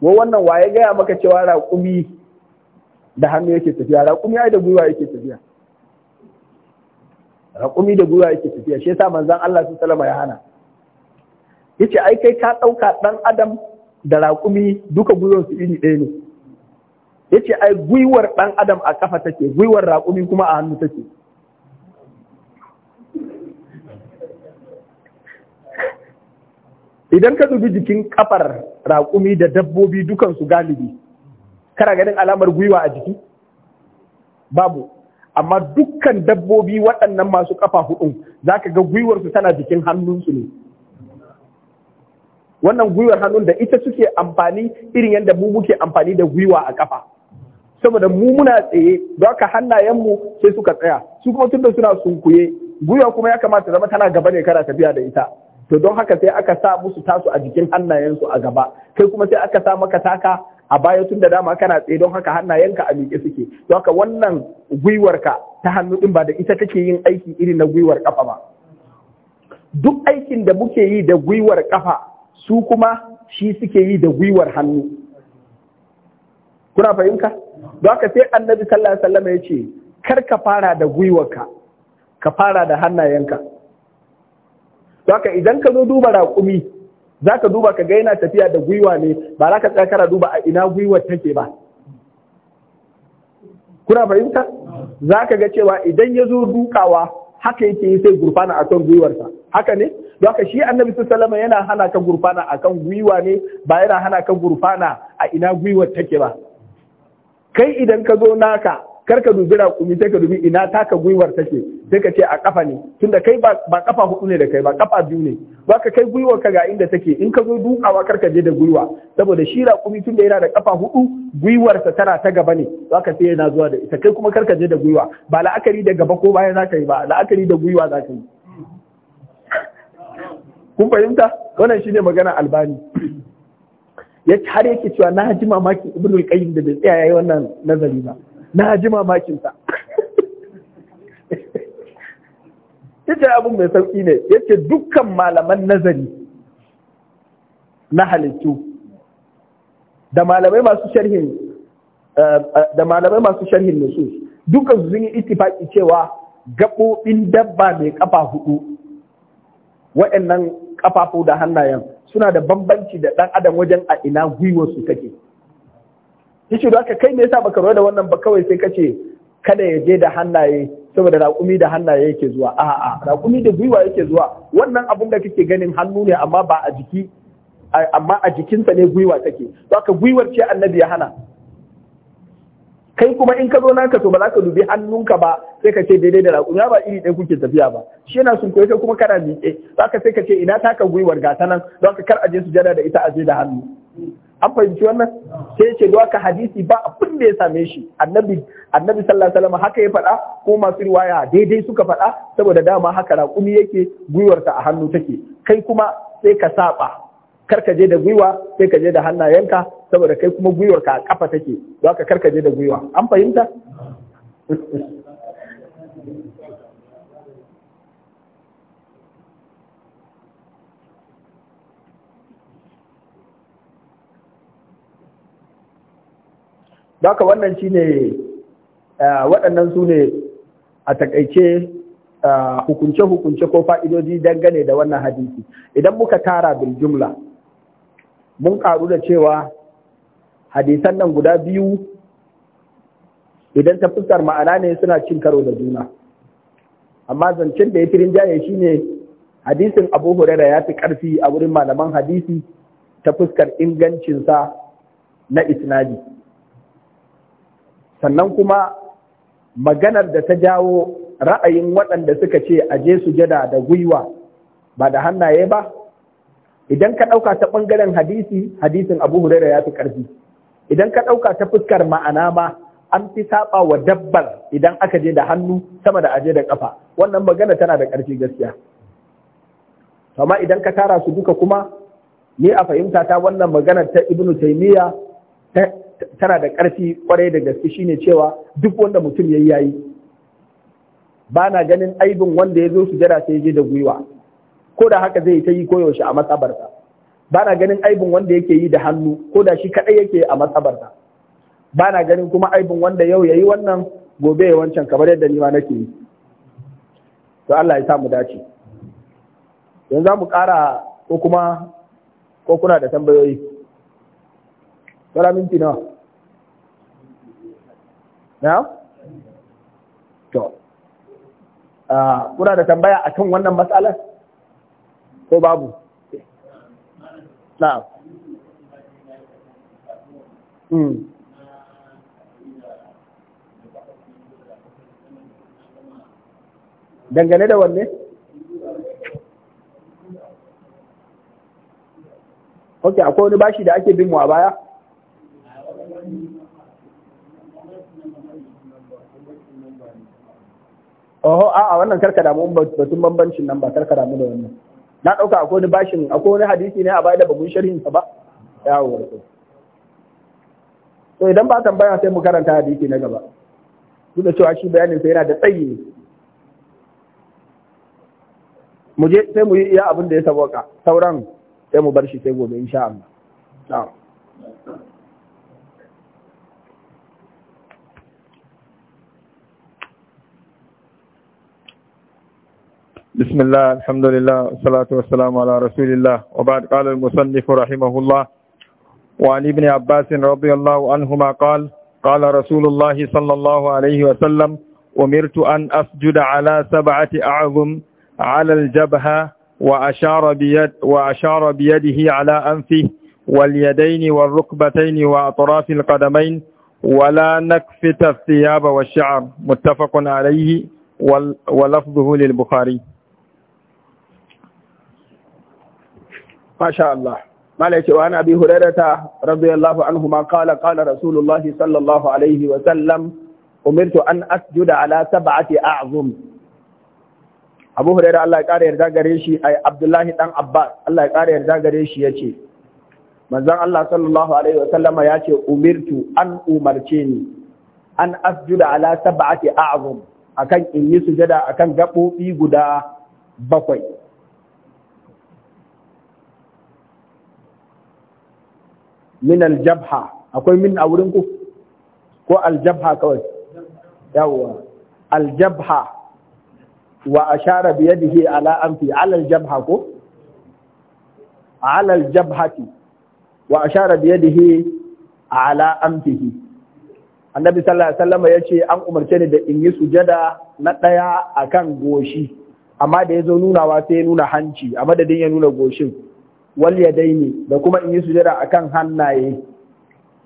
wa wannan wa ya gaya maka cewa raƙumi da hannu yake tafiya raƙumi ai da gwiwa yake tafiya raƙumi da gwiwa yake tafiya shi yasa manzon Allah su salama ya hana yace ai kai ka ɗauka ɗan adam da raƙumi duka gwiwar su iri ɗaya ne yace ai gwiwar ɗan adam a kafa take gwiwar raƙumi kuma a hannu take idan ka dubi jikin kafar raƙumi da dabbobi dukansu galibi kana ganin alamar gwiwa a jiki babu amma dukkan dabbobi waɗannan masu ƙafa hudun za ka ga gwiwarsu tana jikin hannunsu ne wannan gwiwar hannun da ita suke amfani irin yadda mu muke amfani da gwiwa a ƙafa saboda mu muna tsaye don haka hannayenmu sai suka tsaya su kuma tunda suna sunkuye gwiwa kuma ya kamata zama tana gaba ne kana tafiya da ita to don haka sai aka sa musu tasu a jikin hannayensu a gaba kai kuma sai aka sa maka taka a baya tun da dama kana tsaye don haka hannayenka a miƙe suke don haka wannan gwiwarka ta hannu ɗin ba da ita take yin aiki irin na gwiwar ƙafa ba duk aikin da muke yi da gwiwar ƙafa su kuma shi suke yi da gwiwar hannu kuna fahimta don haka sai annabi sallallahu alaihi wasallam ya ce kar ka fara da gwiwarka ka fara da hannayenka don haka idan ka zo duba raƙumi za ka duba ka ga yana tafiya da gwiwa ne ba za ka tsakara duba a ina gwiwar take ba kuna fahimta za ka ga cewa idan ya zo dukawa haka yake yi sai gurfana akan gwiwarsa haka ne haka shi annabi salama yana hana ka gurfana akan gwiwa ne ba yana hana ka gurfana a ina gwiwar take ba kai idan ka zo naka kar ka dubi raƙumi sai ka dubi ina taka gwiwar take sai ka ce a kafa ne tunda kai ba kafa hudu ne da kai ba kafa biyu ne ba ka kai gwiwar ka ga inda take in ka zo dukawa kar ka je da gwiwa saboda shi raƙumi tunda yana da kafa hudu gwiwar sa tana ta gaba ne za ka sai yana zuwa da ita kai kuma kar ka je da gwiwa ba la'akari da gaba ko baya za ka yi ba la'akari da gwiwa za ka yi kun fahimta wannan shine magana albani ya har yake cewa na ji mamaki ibnul qayyim da bai tsaya yayi wannan nazari ba na ji mamakinsa ita abin mai sauƙi ne yake dukkan malaman nazari na halittu da malamai masu sharhin eh, da malamai dukkan su sun yi itifaki cewa gaɓoɓin dabba mai ƙafa hudu waɗannan ƙafafu da hannayen suna da bambanci da ɗan adam wajen a ina gwiwarsu take yace da kai me yasa baka rawa da wannan ba kawai sai kace kada ya je da hannaye saboda raƙumi da hannaye yake zuwa a'a raƙumi da gwiwa yake zuwa wannan abun da kake ganin hannu ne amma ba a jiki amma a jikinsa ne gwiwa take to aka gwiwar ce annabi ya hana kai kuma in ka zo naka to ba za ka dubi hannunka ba sai ka ce daidai da raƙumi ba iri ɗaya kuke tafiya ba shi yana sun koyi kai kuma kana miƙe za ka sai ka ce ina taka gwiwar gata nan don ka kar a je sujada da ita a je da hannu an fahimci wannan sai ce da haka hadisi ba abin da ya same shi annabi annabi sallallahu alaihi wasallam haka ya faɗa ko masu riwaya daidai suka faɗa saboda dama haka raƙumi yake gwiwarta a hannu take kai kuma sai ka saba kar ka je da gwiwa sai ka je da hannayenka saboda kai kuma gwiwarka a kafa take don kar ka je da gwiwa an fahimta Daka wannan shi ne eh, waɗannan su ne a takaice eh, hukunce-hukunce ko fa'idoji dangane da wannan hadisi. Idan muka tara bil mun ƙaru da cewa hadisan nan guda biyu idan ta fuskar ma'ana ne suna cin karo da juna. Amma zancen da ya firin jaye shi ne hadisin Abu hurera ya fi ƙarfi a wurin malaman hadisi ta fuskar ingancinsa na isnadi. sannan kuma maganar da ta jawo ra'ayin waɗanda suka ce a je su sujada da gwiwa ba da hannaye ba idan ka ɗauka ta ɓangaren hadisi hadisin abu huraira ya fi ƙarfi idan ka ɗauka ta fuskar ma'ana ma an fi saba wa dabbar idan aka je da hannu sama da aje da ƙafa. wannan magana tana da ƙarfi gaskiya amma idan ka tara su duka kuma ni a fahimta ta wannan maganar ta ibnu taymiya tana da ƙarfi kwarai da gaske shine cewa duk wanda mutum yayi yayi ba na ganin aibin wanda ya zo jira sai ya je da gwiwa ko da haka zai ta yi koyaushe a matsabarsa ba na ganin aibin wanda yake yi da hannu ko da shi kaɗai yake a matsabarsa ba na ganin kuma aibin wanda yau ya yi wannan gobe ya wancan kamar yadda ni ma nake yi to Allah ya sa mu dace yanzu za mu ƙara ko kuma ko kuna da tambayoyi wala minti nawa? Na? To. Kuna da tambaya a kan wannan matsalar? Ko babu? Na. Hmm. Dangane da wanne? Ok, akwai wani bashi da ake bin mu a baya? Oho, a'a wannan karka damu batun bambancin nan ba karka damu da wannan. Na ɗauka akwai wani bashin, akwai wani hadisi ne a baya da babu sharhin sa ba. Yawo. To idan ba tambaya sai mu karanta hadisi na gaba. Duk da cewa shi bayanin sa yana da tsayi ne. Mu je sai mu yi iya abin da ya saboka, sauran sai mu bar shi sai gobe insha Allah. Na'am. بسم الله الحمد لله والصلاة والسلام على رسول الله وبعد قال المصنف رحمه الله وعن ابن عباس رضي الله عنهما قال قال رسول الله صلى الله عليه وسلم أمرت أن أسجد على سبعة أعظم على الجبهة وأشار, بيد وأشار بيده على أنفه واليدين والركبتين وأطراف القدمين ولا نكفت الثياب والشعر متفق عليه ولفظه للبخاري masha Allah mala yace wa abi hurairata radiyallahu anhu ma qala qala rasulullahi sallallahu alaihi wa sallam umirtu an asjuda ala sab'ati a'zum Abu Hurairah Allah ya kare yarda gare shi Abdullahi dan Abbas Allah ya kare yarda gare shi yace manzon Allah sallallahu alaihi wa sallama ya ce umirtu an umarce ni an asjuda ala sab'ati a'zum akan in yi sujada akan gaɓoɓi guda bakwai min aljabha akwai min a wurin ku ko aljabha kawai yawwa aljabha wa ashara bi yadihi ala anfi ala aljabha ko ala aljabhati wa ashara bi yadihi ala anfihi annabi sallallahu alaihi wasallam yace an umarce ni da in yi sujada na daya akan goshi amma da yazo nunawa sai ya nuna hanci a madadin ya nuna goshin wal ni, da kuma in yi sujada akan hannaye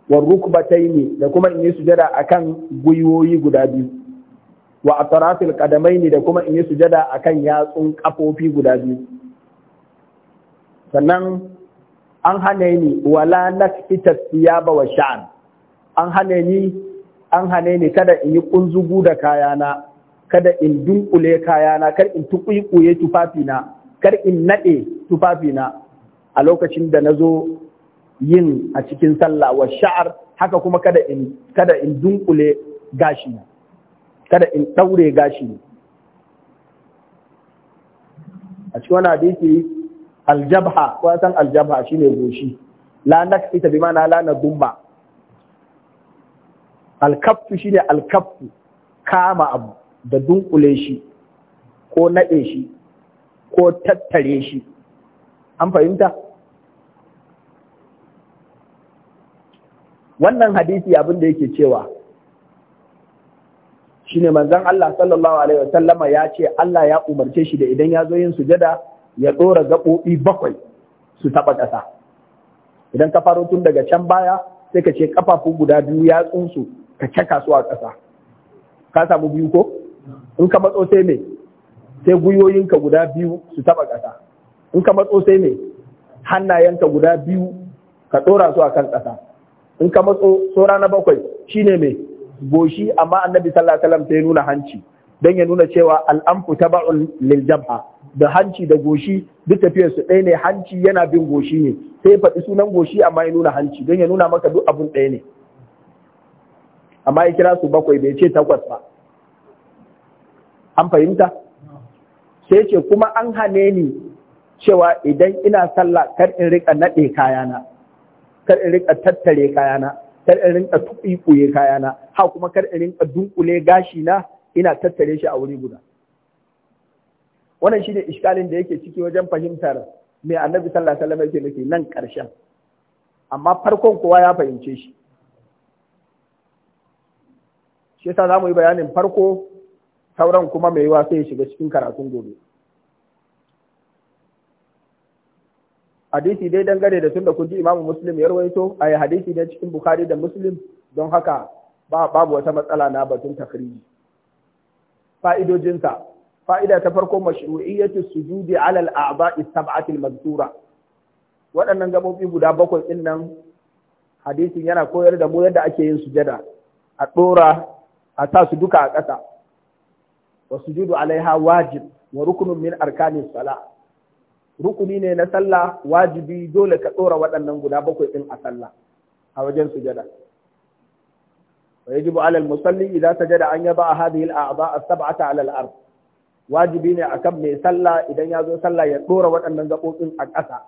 wa rukbataini da kuma in yi sujada akan gwiwoyi guda biyu wa atrafil qadamaini da kuma in yi sujada akan yatsun kafofi guda biyu sannan an hane ni wala nakita siyaba wa sha'an an hane ni an hane ni kada in yi kunzugu da kayana kada in dunkule kayana kar in tukuyi tufafina tufafina, kar in nade tufafina. a lokacin da na zo yin a cikin sallah wa sha'ar haka kuma kada in kada dunkule gashi na kada in daure gashi na a cikin wani hadisi aljabha ko san aljabha shine goshi la nakfita bi mana la nadumma alkaffu shine alkaffu kama abu da dunkule shi ko naɗe shi ko tattare shi an fahimta wannan hadisi abin da yake cewa shi ne manzan Allah sallallahu alaihi wasallama ya ce Allah ya umarce shi da idan ya zo yin sujada ya tsora gaɓoɓi bakwai su taɓa ƙasa idan ka faro tun daga can baya sai ka ce ƙafafu guda biyu yatsunsu ka caka su a ƙasa ka samu biyu ko in ka matso sai me sai gwiwoyinka guda biyu su taɓa ƙasa in ka matso sai me hannayenka guda biyu ka ɗora su a kan ƙasa in ka matso sora na bakwai shine mai goshi amma annabi sallallahu alaihi wasallam sai nuna hanci don ya nuna cewa al'amfu taba'un lil jam'a da hanci da goshi duk tafiyar su ɗaya ne hanci yana bin goshi ne sai ya faɗi sunan goshi amma ya nuna hanci don ya nuna maka duk abun ɗaya ne amma ya kira su bakwai bai ce takwas ba an fahimta sai ce kuma an hane ni cewa idan ina sallah kar in rika naɗe kayana kar in rinka tattare kayana kar in rinka tuɓiɓuye kayana ha kuma kar in rinka dunkule gashi na ina tattare shi a wuri guda wannan shine iskalin da yake ciki wajen fahimtar me annabi sallallahu alaihi wasallam yake nufi nan karshen amma farkon kowa ya fahimce shi shi yasa mu yi bayanin farko sauran kuma mai yiwa sai ya shiga cikin karatun gobe hadisi dai dangane da sunna kun ji imamu muslim ya rawaito a hadisi ne cikin bukhari da muslim don haka babu wata matsala na batun takriji fa'idojinsa fa'ida ta farko mashru'iyyatu sujudi ala al-a'dha'i sab'ati al-mazkura waɗannan gabobi guda bakwai din nan hadisin yana koyar da mu yadda ake yin sujada a dora a sa su duka a ƙasa wa sujudu alaiha wajib wa rukunun min arkanis salat rukuni ne na sallah wajibi dole ka tsora waɗannan guda bakwai ɗin a sallah a wajen sujada wa yajibu alal musalli idan sajada an yaba a hadhihi al a'dha al sabata ala al-ard wajibi ne akan mai sallah idan ya zo sallah ya tsora waɗannan gaɓoɓin a ƙasa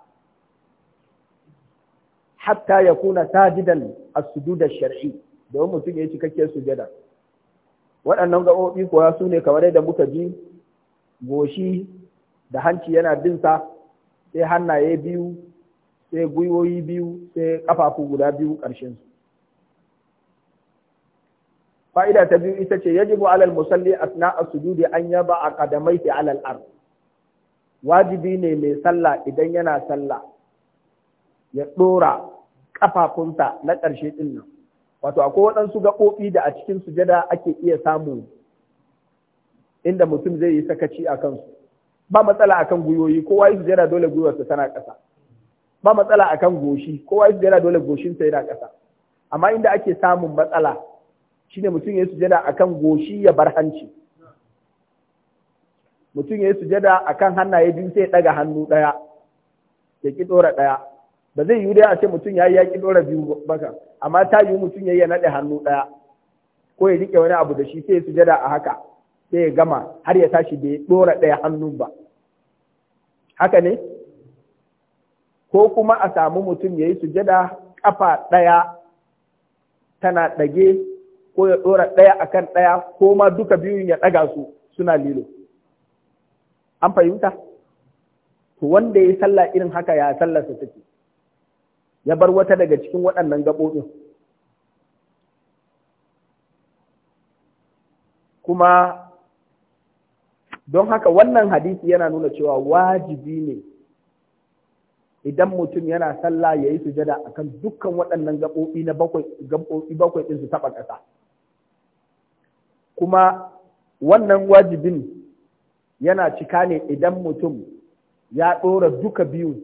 hatta ya kuna sajidan as ash shar'i domin mutum ya yi cikakken sujada waɗannan gaɓoɓi kuwa su ne kamar yadda muka ji goshi da hanci yana bin sa sai hannaye biyu sai gwiwoyi biyu sai kafafu guda biyu ƙarshen fa'ida ta biyu ita ce yajibu alal musalli asna a sujudi an yaba a fi alal ard wajibi ne mai sallah idan yana sallah ya dora kafafunsa na ƙarshe ɗinnan. wato akwai waɗansu gaɓoɓi da a cikin sujada ake iya samu inda mutum zai yi sakaci a kansu ba matsala akan guyoyi kowa yi sujada dole gwiwarsa tana ƙasa ba matsala akan goshi kowa yi sujada dole goshinsa yana ƙasa amma inda ake samun matsala shine mutum ya sujada akan goshi ya bar hanci mutum ya sujada akan hannaye biyu sai ya ɗaga hannu ɗaya ya ki ɗora ɗaya ba zai yiwu dai a ce mutum ya yi ya ki ɗora biyu baka amma ta yiwu mutum ya yi ya naɗe hannu ɗaya ko ya riƙe wani abu da shi sai ya sujada a haka sai ya gama har ya tashi bai ɗora ɗaya hannun ba haka ne ko kuma a samu mutum ya yi sujada ƙafa ɗaya tana ɗage ko ya ɗora ɗaya a kan ɗaya ko ma duka biyun ya ɗaga su suna lilo an fahimta to wanda ya sallah irin haka ya sallarsa take ya bar wata daga cikin waɗannan gaɓoɓin kuma don haka wannan hadisi yana nuna cewa wajibi ne idan mutum yana sallah ya yi sujada akan dukkan waɗannan gaɓoɓi na gaɓoɓi bakwai ɗin su taɓa ƙasa kuma wannan wajibin yana cika ne idan mutum ya ɗora duka biyu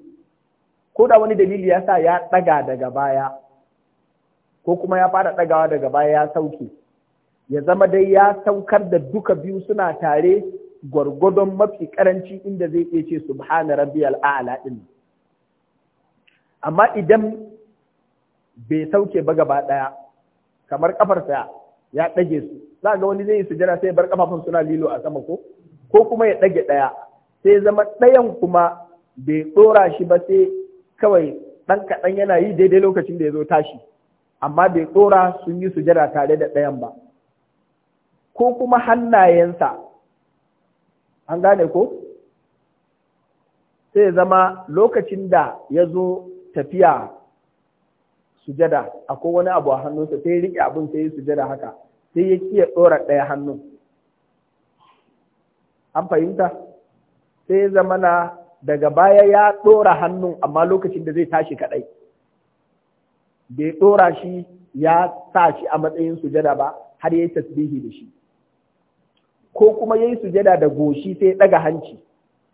ko da wani dalili ya sa ya ɗaga daga baya ko kuma ya fara ɗagawa daga baya ya sauke ya zama dai ya saukar da duka biyu suna tare gwargwadon mafi karanci inda zai iya ce subhana rabbi al'ala ɗin amma idan bai sauke ba gaba ɗaya, kamar ƙafarsa ya ɗage su za ga wani zai yi sujada sai bar ƙafafun suna lilo a sama ko ko kuma ya ɗage ɗaya? sai zama ɗayan kuma bai ɗora shi ba sai kawai ɗan kaɗan yana yi daidai lokacin da ya zo tashi amma bai ɗora sun yi sujada tare da ɗayan ba ko kuma hannayensa an gane ko sai zama lokacin da ya zo tafiya sujada akwai wani abu a hannunsa sai ya riƙe abin sai ya sujada haka sai ya kiya ɗora ɗaya hannun an fahimta sai ya zama na daga baya ya ɗora hannun amma lokacin da zai tashi kaɗai bai ɗora shi ya sa shi a matsayin sujada ba har ya yi tasbihi da shi ko kuma yayi sujada da goshi sai daga hanci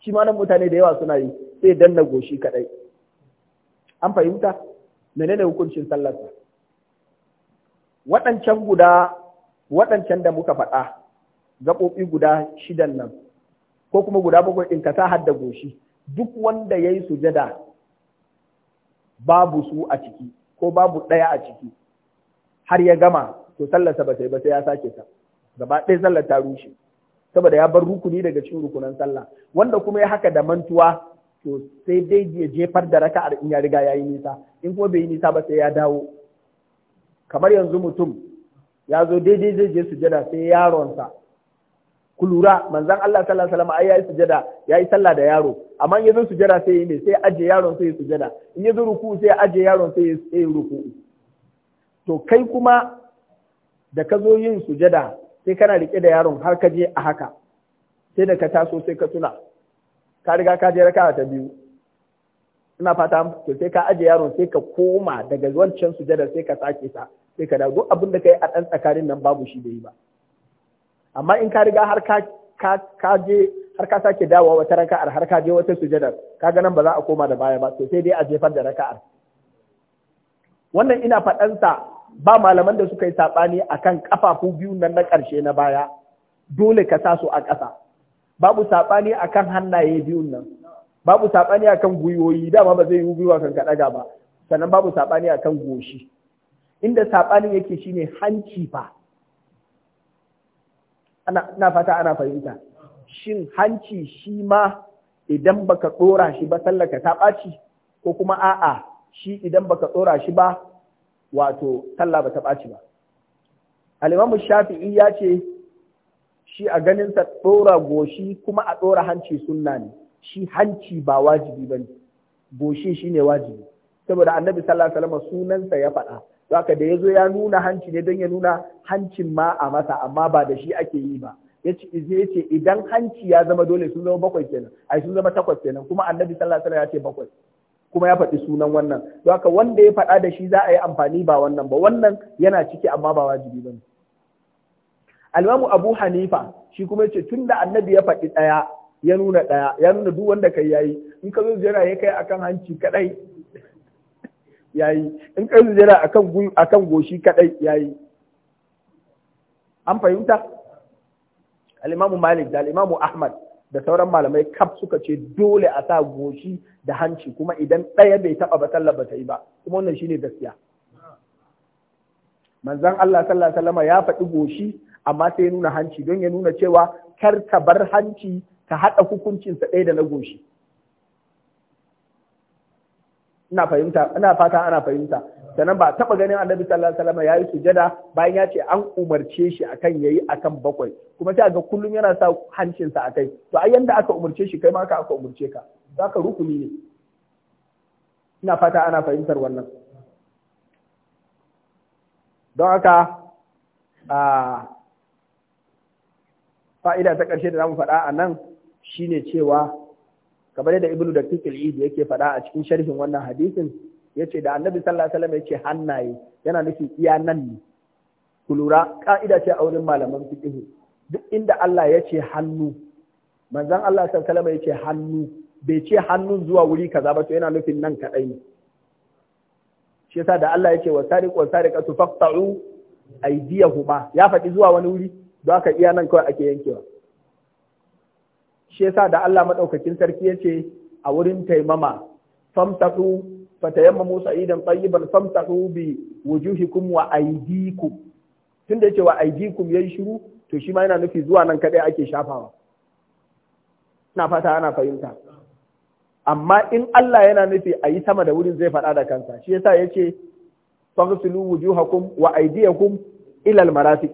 shi ma nan mutane da yawa suna yi sai danna goshi kadai an fahimta menene hukuncin sallarsa waɗancan guda waɗancan da muka faɗa gaɓoɓi guda shidan nan ko kuma guda bakwai in ka sa har da goshi duk wanda ya sujada babu su a ciki ko babu ɗaya a ciki har ya gama to sallarsa ba sai ba sai ya sake ta gaba ɗaya sallar ta rushe saboda ya bar rukuni daga cikin rukunan sallah wanda kuma ya haka da mantuwa to sai dai ya jefar da raka'ar in ya riga ya yi nisa in kuma bai yi nisa ba sai ya dawo kamar yanzu mutum ya zo daidai zai je sujada sai yaronsa ku lura manzon Allah sallallahu alaihi wasallam ai yayi sujada yayi sallah da yaro amma in yazo sujada sai yi ne sai aje yaron sai sujada in yazo ruku sai aje yaron sai ya ruku to kai kuma da ka zo yin sujada sai kana rike da yaron har ka je a haka sai da ka taso sai ka tuna ka riga ka je raka ta biyu ina fata to sai ka aje yaron sai ka koma daga wancan sujada sai ka sake sa sai ka dawo duk abin da kai a dan tsakanin nan babu shi da yi ba amma in ka riga har ka ka je har ka sake dawowa wata raka'ar har ka je wata sujadar kaga nan ba za a koma da baya ba to sai dai a jefar da raka'ar wannan ina faɗansa ba malaman da suka yi saɓani a kan ƙafafu biyu nan na ƙarshe na baya dole ka sa su a ƙasa babu saɓani a kan hannaye biyun nan babu saɓani a kan gwiwoyi dama ba zai yi gwiwa kan ka ɗaga ba sannan babu saɓani a kan goshi inda saɓanin yake shine hanci fa ana fata ana fahimta shin hanci shi ma idan baka ɗora shi ba sallaka ta ɓaci ko kuma a'a shi idan baka ɗora shi ba wato sallah ba ta ɓaci ba Alimamu shafi'i ya ce shi a ganin sa ɗora goshi kuma a ɗora hanci sunna ne shi hanci ba wajibi ba ne, goshi shi ne wajibi saboda annabi sallallahu sunansa ya faɗa za ka da ya zo ya nuna hanci ne don ya nuna hancin ma a masa amma ba da shi ake yi ba Ya ce idan hanci ya zama dole sun zama bakwai kenan ai sun zama takwas kenan kuma annabi sallallahu ya ce bakwai kuma ya faɗi sunan wannan don haka wanda ya faɗa da shi za a yi amfani ba wannan ba wannan yana ciki amma ba wajibi ba ne al'imamu abu hanifa shi kuma ce tun da annabi ya faɗi ɗaya ya nuna ɗaya ya nuna duk wanda kai yayi in ka zo ziyara ya kai akan hanci kaɗai yayi in ka zo ziyara akan akan goshi ya yayi an fahimta al'imamu malik da al'imamu ahmad da sauran malamai kaf suka ce dole a sa goshi da hanci kuma idan ɗaya bai taɓa ba sallah ba ta yi ba kuma wannan shine gaskiya manzon Allah sallallahu alaihi ya faɗi goshi amma sai ya nuna hanci don ya nuna cewa kar ka bar hanci ka haɗa hukuncinsa ɗaya da na goshi ina fahimta ina fata ana fahimta sannan ba taba ganin annabi sallallahu alaihi wasallam yayi sujada bayan ya ce an umarce shi akan yayi akan bakwai kuma sai ga kullum yana sa hancinsa akai to ai yanda aka umarce shi kai ma ka aka umarce ka zaka rukuni ne ina fata ana fahimtar wannan don haka a fa'ida ta ƙarshe da zamu faɗa a nan shine cewa kamar yadda ibnu da kikil yake faɗa a cikin sharhin wannan hadisin yace da annabi sallallahu alaihi wasallam yace hannaye yana nufin iya nan ne ku lura ka'ida ce a wurin malaman fiqh duk inda Allah yace hannu manzon Allah sallallahu alaihi wasallam yace hannu bai ce hannun zuwa wuri kaza ba to yana nufin nan kadai ne shi yasa da Allah yace wasariq wasariqatu faqta'u aydiyahuma ya faɗi zuwa wani wuri don haka iya nan kawai ake yankewa shi yasa da Allah madaukakin sarki ya ce a wurin taimama famtaku fatayammamu sa'idan tayyiban famtahu bi wujuhikum wa aydikum tunda yace wa aydikum yayi shiru to shi ma yana nufi zuwa nan kadai ake shafawa ina fata ana fahimta amma in Allah yana nufi a yi sama da wurin zai faɗa da kansa shi yasa yace faghsilu wujuhakum wa aydiyakum ila almarafiq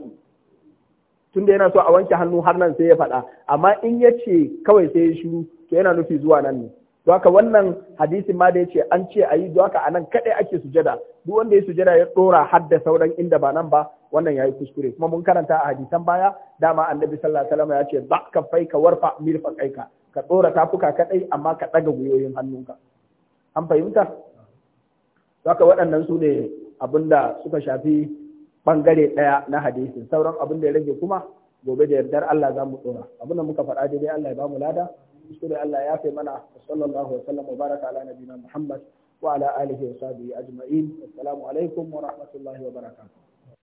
tunda yana so a wanke hannu har nan sai ya faɗa amma in yace kawai sai ya shiru to yana nufi zuwa nan ne Doka wannan hadisin ma da ya ce an ce a yi doka a nan kaɗai ake sujada duk wanda ya sujada ya ɗora har da sauran inda ba nan ba wannan ya yi kuskure kuma mun karanta a hadisan baya dama annabi sallallahu alaihi wasallam ya ce ba ka fai ka warfa mirfaqaika ka ɗora tafuka kaɗai amma ka ɗaga wuyoyin hannunka an fahimta Doka waɗannan su ne abin da suka shafi ɓangare ɗaya na hadisin sauran abin da ya rage kuma gobe da yardar Allah za mu tsora abin da muka faɗa daidai Allah ya ba mu lada kuskure Allah ya fi mana sallallahu alaihi wasallam baraka ala nabiyina Muhammad wa ala alihi wa sahbihi ajma'in assalamu alaikum wa rahmatullahi wa barakatuh